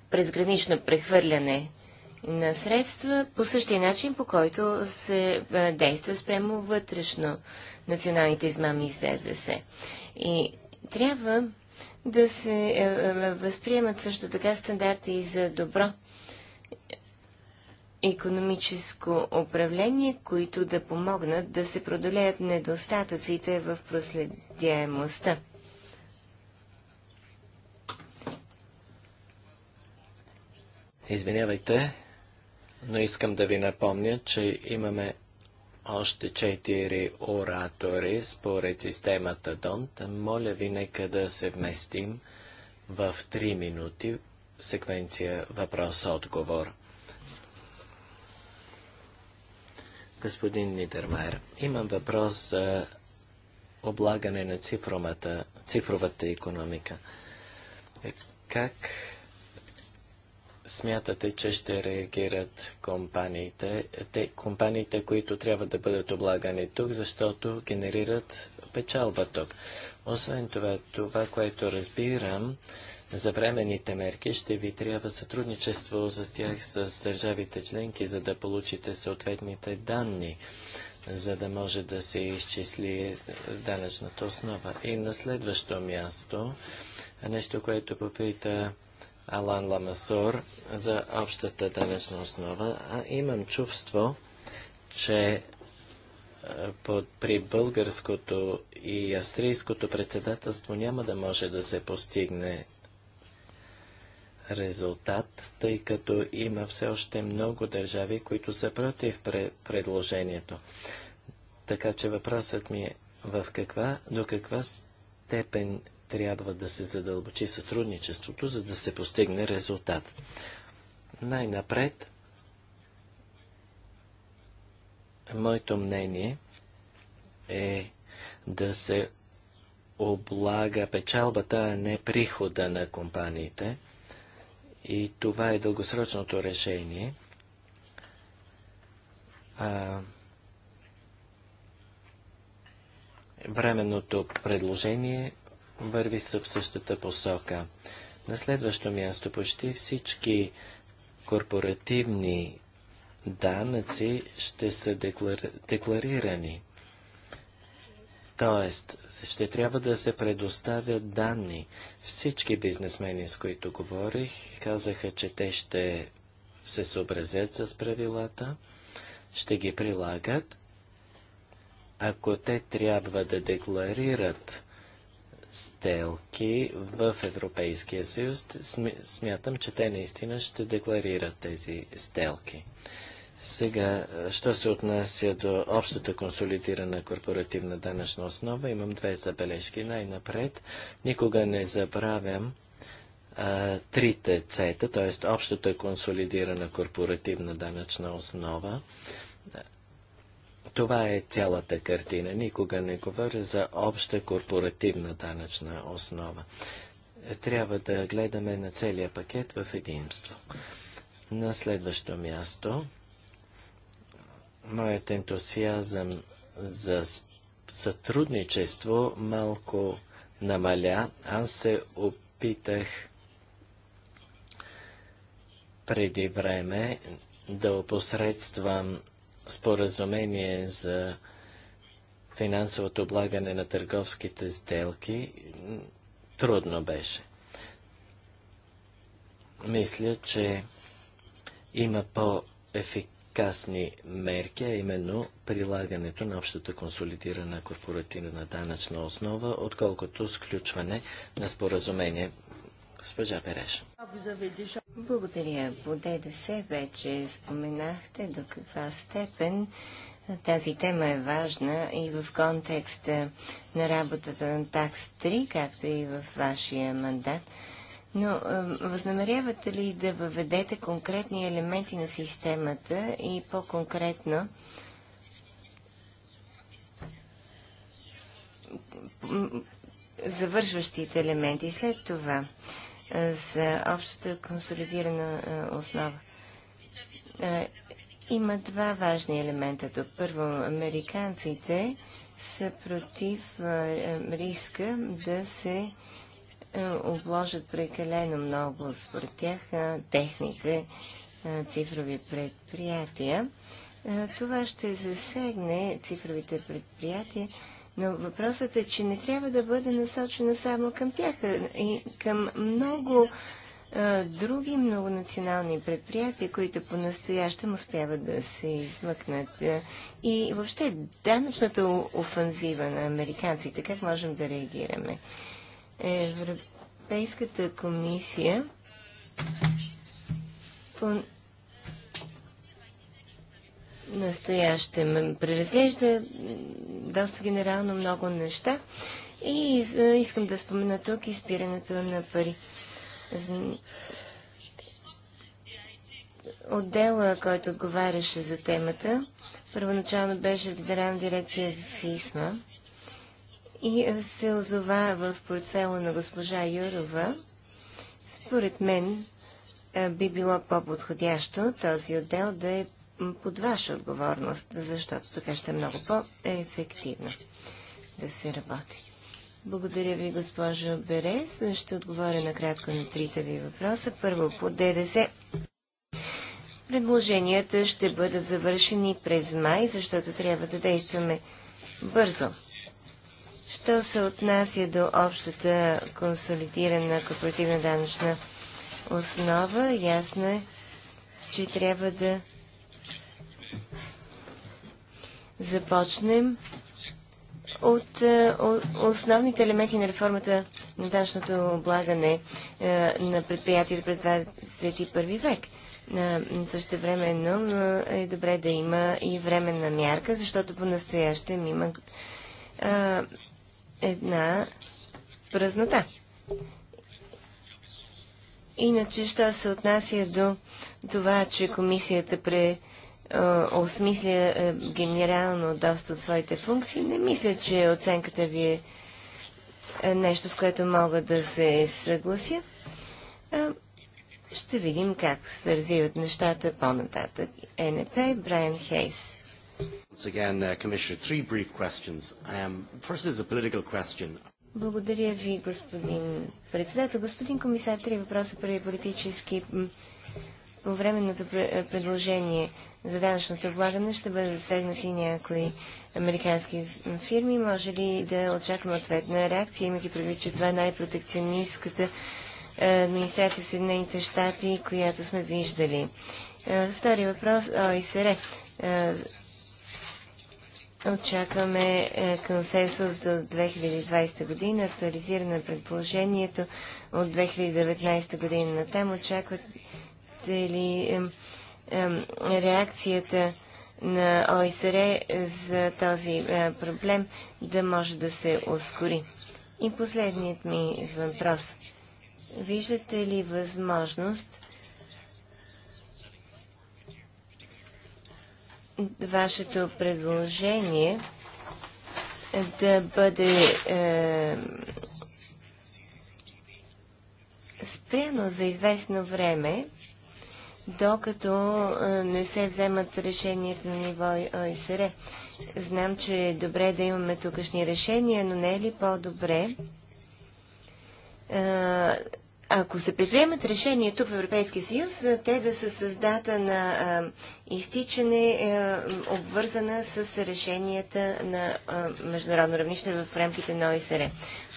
Speaker 3: презгранично прехвърляне на средства по същия начин, по който се е, действа спрямо вътрешно националните измами и ДДС. И трябва да се е, е, възприемат също така стандарти и за добро економическо управление, които да помогнат да се продолеят недостатъците в проследяемостта.
Speaker 1: Извинявайте, но искам да ви напомня, че имаме още четири оратори според системата Донт. Моля ви, нека да се вместим в 3 минути секвенция въпрос-отговор. Господин Нидермайер, имам въпрос за облагане на цифровата економика. Как смятате, че ще реагират компаниите, те, компаниите, които трябва да бъдат облагани тук, защото генерират печалба тук. Освен това, това, което разбирам за временните мерки, ще ви трябва сътрудничество за тях с държавите членки, за да получите съответните данни, за да може да се изчисли данъчната основа. И на следващо място, нещо, което попита Алан Ламасур за общата данъчна основа. А имам чувство, че е, под, при българското и австрийското председателство няма да може да се постигне резултат, тъй като има все още много държави, които са против предложението. Така че въпросът ми е в каква, до каква степен трябва да се задълбочи сътрудничеството, за да се постигне резултат. Най-напред, моето мнение е да се облага печалбата, а не прихода на компаниите. И това е дългосрочното решение. А, временното предложение върви се в същата посока. На следващо място почти всички корпоративни данъци ще са деклар... декларирани. Тоест, ще трябва да се предоставят данни. Всички бизнесмени, с които говорих, казаха, че те ще се съобразят с правилата, ще ги прилагат. Ако те трябва да декларират сделки в Европейския съюз, смятам, че те наистина ще декларират тези сделки. Сега, що се отнася до общата консолидирана корпоративна данъчна основа, имам две забележки. Най-напред, никога не забравям а, трите цета, т.е. общата консолидирана корпоративна данъчна основа, това е цялата картина. Никога не говоря за обща корпоративна данъчна основа. Трябва да гледаме на целия пакет в единство. На следващо място, моят ентусиазъм за сътрудничество малко намаля. Аз се опитах преди време да опосредствам споразумение за финансовото облагане на търговските сделки трудно беше. Мисля, че има по-ефикасни мерки, а именно прилагането на общата консолидирана корпоративна данъчна основа, отколкото сключване на споразумение. Госпожа Береша.
Speaker 3: Благодаря. По ДДС вече споменахте до каква степен тази тема е важна и в контекста на работата на такс 3, както и в вашия мандат. Но възнамерявате ли да въведете конкретни елементи на системата и по-конкретно завършващите елементи след това? за общата консолидирана е, основа. Е, има два важни елемента Първо, американците са против е, риска да се обложат прекалено много според тях техните цифрови предприятия. Това ще засегне цифровите предприятия но въпросът е, че не трябва да бъде насочено само към тях, и към много а, други многонационални предприятия, които по-настоящем успяват да се измъкнат. И въобще данъчната офанзива на американците, как можем да реагираме? Европейската комисия по настояще ме преразглежда доста генерално много неща и искам да спомена тук изпирането на пари. Отдела, който отговаряше за темата, първоначално беше в Генерална дирекция ФИСМА и се озова в портфела на госпожа Юрова. Според мен би било по-подходящо този отдел да е под ваша отговорност, защото така ще е много по-ефективно да се работи. Благодаря ви, госпожо Берес. Ще отговоря накратко на трите ви въпроса. Първо по ДДС. Предложенията ще бъдат завършени през май, защото трябва да действаме бързо. Що се отнася до общата консолидирана корпоративна данъчна основа, ясно е, че трябва да започнем от, е, основните елементи на реформата на данъчното облагане е, на предприятията през 21 век. Е, Също времено е добре да има и временна мярка, защото по-настоящем има една празнота. Иначе, що се отнася до това, че комисията пре осмисля генерално доста от своите функции. Не мисля, че оценката ви е нещо, с което мога да се съглася. Ще видим как се развиват нещата по-нататък. НП Брайан Хейс.
Speaker 2: Uh, um,
Speaker 3: Благодаря ви, господин председател. Господин комисар, три въпроса преди политически по временното е, предложение за данъчното облагане ще бъдат засегнати някои американски фирми. Може ли да очакваме ответна реакция, имайки предвид, че това е най-протекционистката е, администрация в Съединените щати, която сме виждали? Е, втори въпрос, ОИСР. Очакваме консенсус до 2020 година, актуализирано е предположението от 2019 година. Там очакват Виждате или е, е, реакцията на ОИСР за този е, проблем да може да се ускори? И последният ми въпрос. Виждате ли възможност вашето предложение да бъде е, спряно за известно време докато не се вземат решенията на ниво ОСР. Знам, че е добре да имаме тукашни решения, но не е ли по-добре ако се предприемат решения тук в Европейския съюз, те да са създата на изтичане, обвързана с решенията на международно равнище в рамките на ОСР.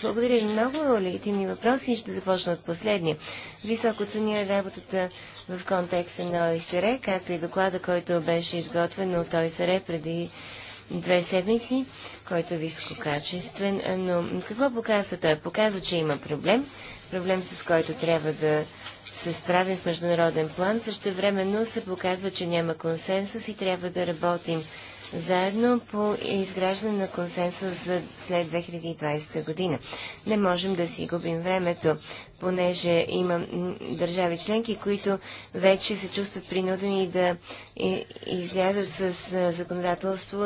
Speaker 3: Благодаря ви много. Легитимни въпроси. Ще започна от последния. Високо ценя работата в контекста на ОИСР, както и доклада, който беше изготвен от ОИСР преди две седмици, който е висококачествен. Но какво показва той? Показва, че има проблем. Проблем, с който трябва да се справим в международен план. Също времено се показва, че няма консенсус и трябва да работим заедно по изграждане на консенсус за след 2020 година. Не можем да си губим времето, понеже има държави членки, които вече се чувстват принудени да излязат с законодателство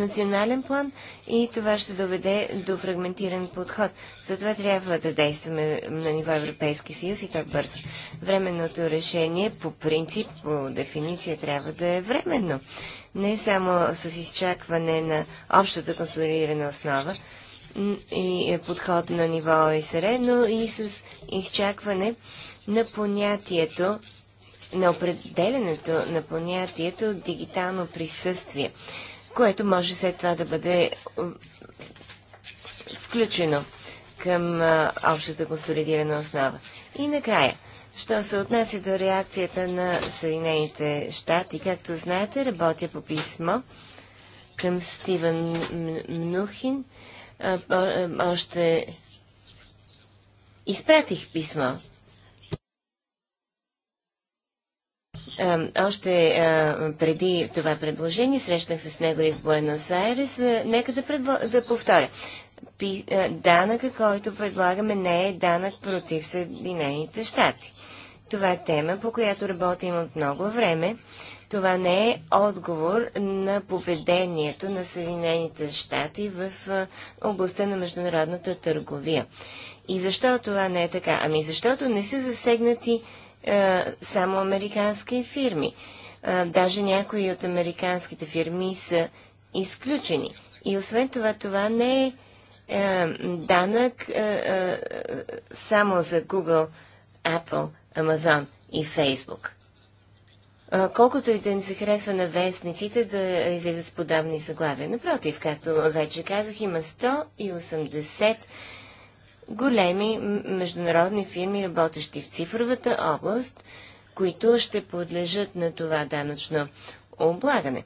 Speaker 3: национален план и това ще доведе до фрагментиран подход. Затова трябва да действаме на ниво Европейски съюз и то бързо. Временното решение по принцип, по дефиниция трябва да е временно. Не само с изчакване на общата консолидирана основа и подход на ниво ОСР, но и с изчакване на понятието на определенето на понятието дигитално присъствие което може след това да бъде включено към общата консолидирана основа. И накрая, що се отнася до реакцията на Съединените щати, както знаете, работя по писмо към Стивен Мнухин. Още изпратих писмо Е, още е, преди това предложение, срещнах се с него и в Буенос Айрес, е, нека да, предло... да повторя. Пи... Данъка, който предлагаме, не е данък против Съединените щати. Това е тема, по която работим от много време. Това не е отговор на поведението на Съединените щати в областта на международната търговия. И защо това не е така? Ами защото не са засегнати е, само американски фирми. Е, даже някои от американските фирми са изключени. И освен това, това не е, е данък само за Google, Apple, Amazon и Facebook. колкото и да им се харесва на вестниците да излизат с подобни заглавия. Напротив, както вече казах, има 180 големи международни фирми, работещи в цифровата област, които ще подлежат на това данъчно облагане.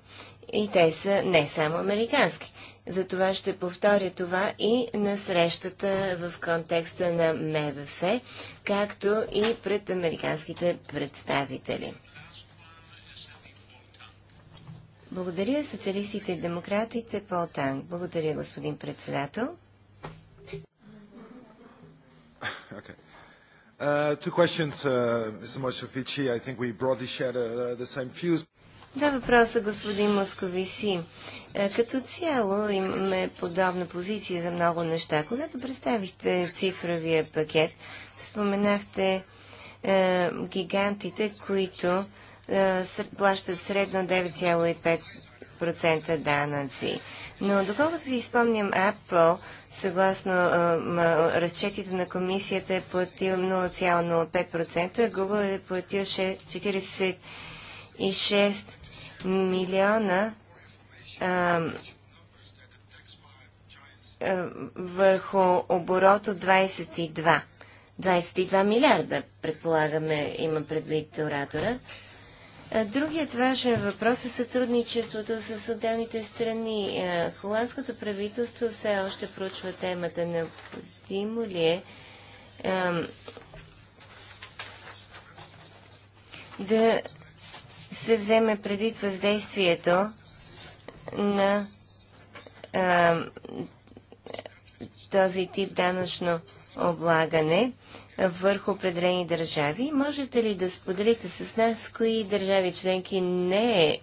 Speaker 3: И те са не само американски. Затова ще повторя това и на срещата в контекста на МВФ, както и пред американските представители. Благодаря социалистите и демократите, Пол Танг. Благодаря, господин председател.
Speaker 2: Okay. Uh, two questions, uh, Mr. Moscovici. I think we broadly share uh, the, same views.
Speaker 3: Да, въпроса, господин Московиси. Е, като цяло имаме подобна позиция за много неща. Когато представихте цифровия пакет, споменахте е, гигантите, които е, плащат средно 9,5% данъци. Но доколкото си спомням, Apple Съгласно разчетите на комисията е платил 0,05%, Google е платил 46 милиона а, върху оборот от 22. 22 милиарда, предполагаме, има предвид оратора. Другият важен въпрос е сътрудничеството с отделните страни. Холандското правителство все още проучва темата. Необходимо ли е да се вземе преди въздействието на този тип данъчно облагане върху определени държави. Можете ли да споделите с нас кои държави членки не е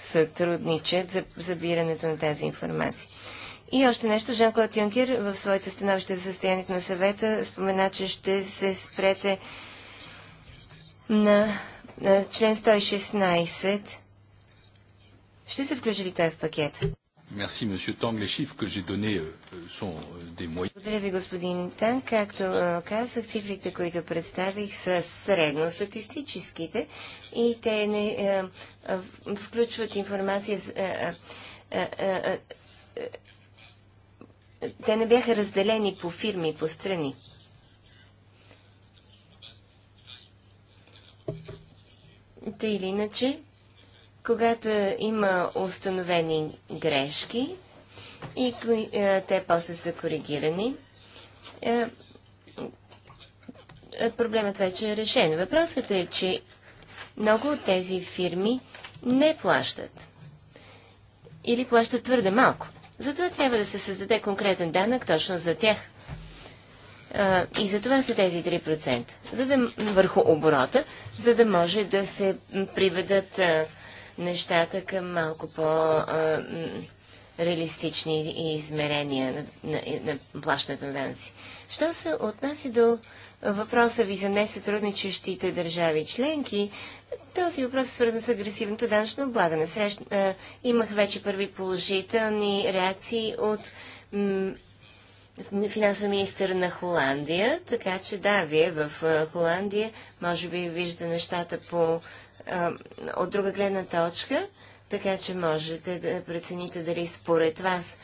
Speaker 3: сътрудничат за забирането на тази информация? И още нещо, Жан-Клод Юнкер в своите становище за състоянието на съвета спомена, че ще се спрете на, на член 116. Ще се включи ли той в пакета?
Speaker 2: Merci, Tang. Les chiffres que j'ai donnés euh, euh, sont euh, des moyens.
Speaker 3: Благодаря ви, господин Танг. Както казах, цифрите, които представих, са средностатистическите и те не включват информация те не бяха разделени по фирми, по страни. Те или иначе, когато има установени грешки и е, те после са коригирани, е, е, проблемът вече е решен. Въпросът е, че много от тези фирми не плащат. Или плащат твърде малко. Затова трябва да се създаде конкретен данък точно за тях. и за това са тези 3%. За да, върху оборота, за да може да се приведат а, нещата към малко по-реалистични измерения на, на, на плащането на данъци. Що се отнася до въпроса ви за несътрудничещите държави членки, този въпрос е свързан с агресивното данъчно облагане. Срещ, а, имах вече първи положителни реакции от финансов министър на Холандия, така че да, вие в Холандия може би вижда нещата по от друга гледна точка, така че можете да прецените дали според вас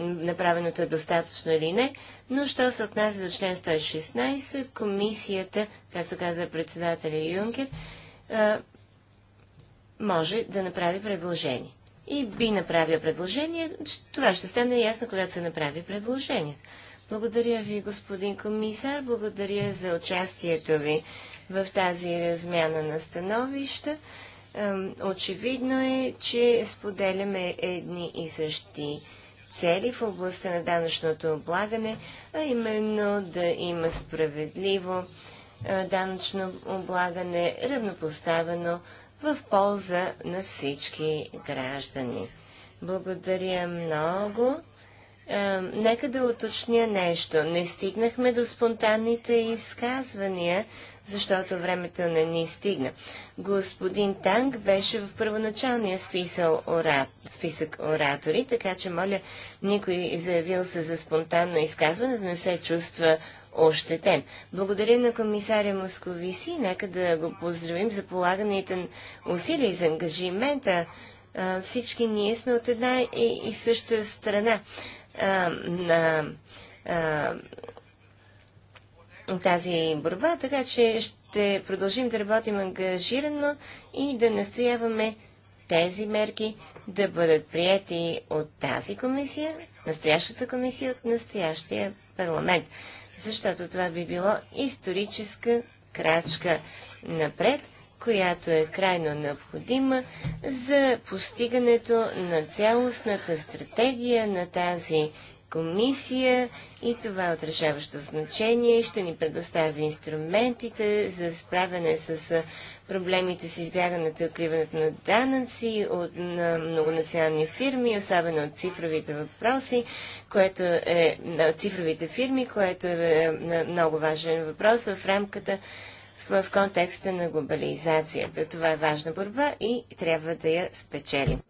Speaker 3: направеното е достатъчно или не. Но що се отнася до член 116, комисията, както каза председателя Юнкер, може да направи предложение. И би направил предложение. Това ще стане ясно, когато се направи предложение. Благодаря ви, господин комисар. Благодаря за участието ви в тази размяна на становища. Очевидно е, че споделяме едни и същи цели в областта на данъчното облагане, а именно да има справедливо данъчно облагане, равнопоставено в полза на всички граждани. Благодаря много. нека да уточня нещо. Не стигнахме до спонтанните изказвания, защото времето не ни стигна. Господин Танг беше в първоначалния списъл орат, списък оратори, така че моля никой заявил се за спонтанно изказване да не се чувства ощетен. Благодаря на комисаря Московиси. Нека да го поздравим за полаганите усилия и за ангажимента. всички ние сме от една и, и съща страна. А, на а, тази борба, така че ще продължим да работим ангажирано и да настояваме тези мерки да бъдат прияти от тази комисия, настоящата комисия, от настоящия парламент. Защото това би било историческа крачка напред, която е крайно необходима за постигането на цялостната стратегия на тази комисия и това е отрешаващо значение. Ще ни предоставя инструментите за справяне с проблемите с избягането и откриването на данъци от на многонационални фирми, особено от цифровите въпроси, което е на цифровите фирми, което е, е много важен въпрос в рамката в контекста на глобализацията. Това е важна борба и трябва да я спечелим.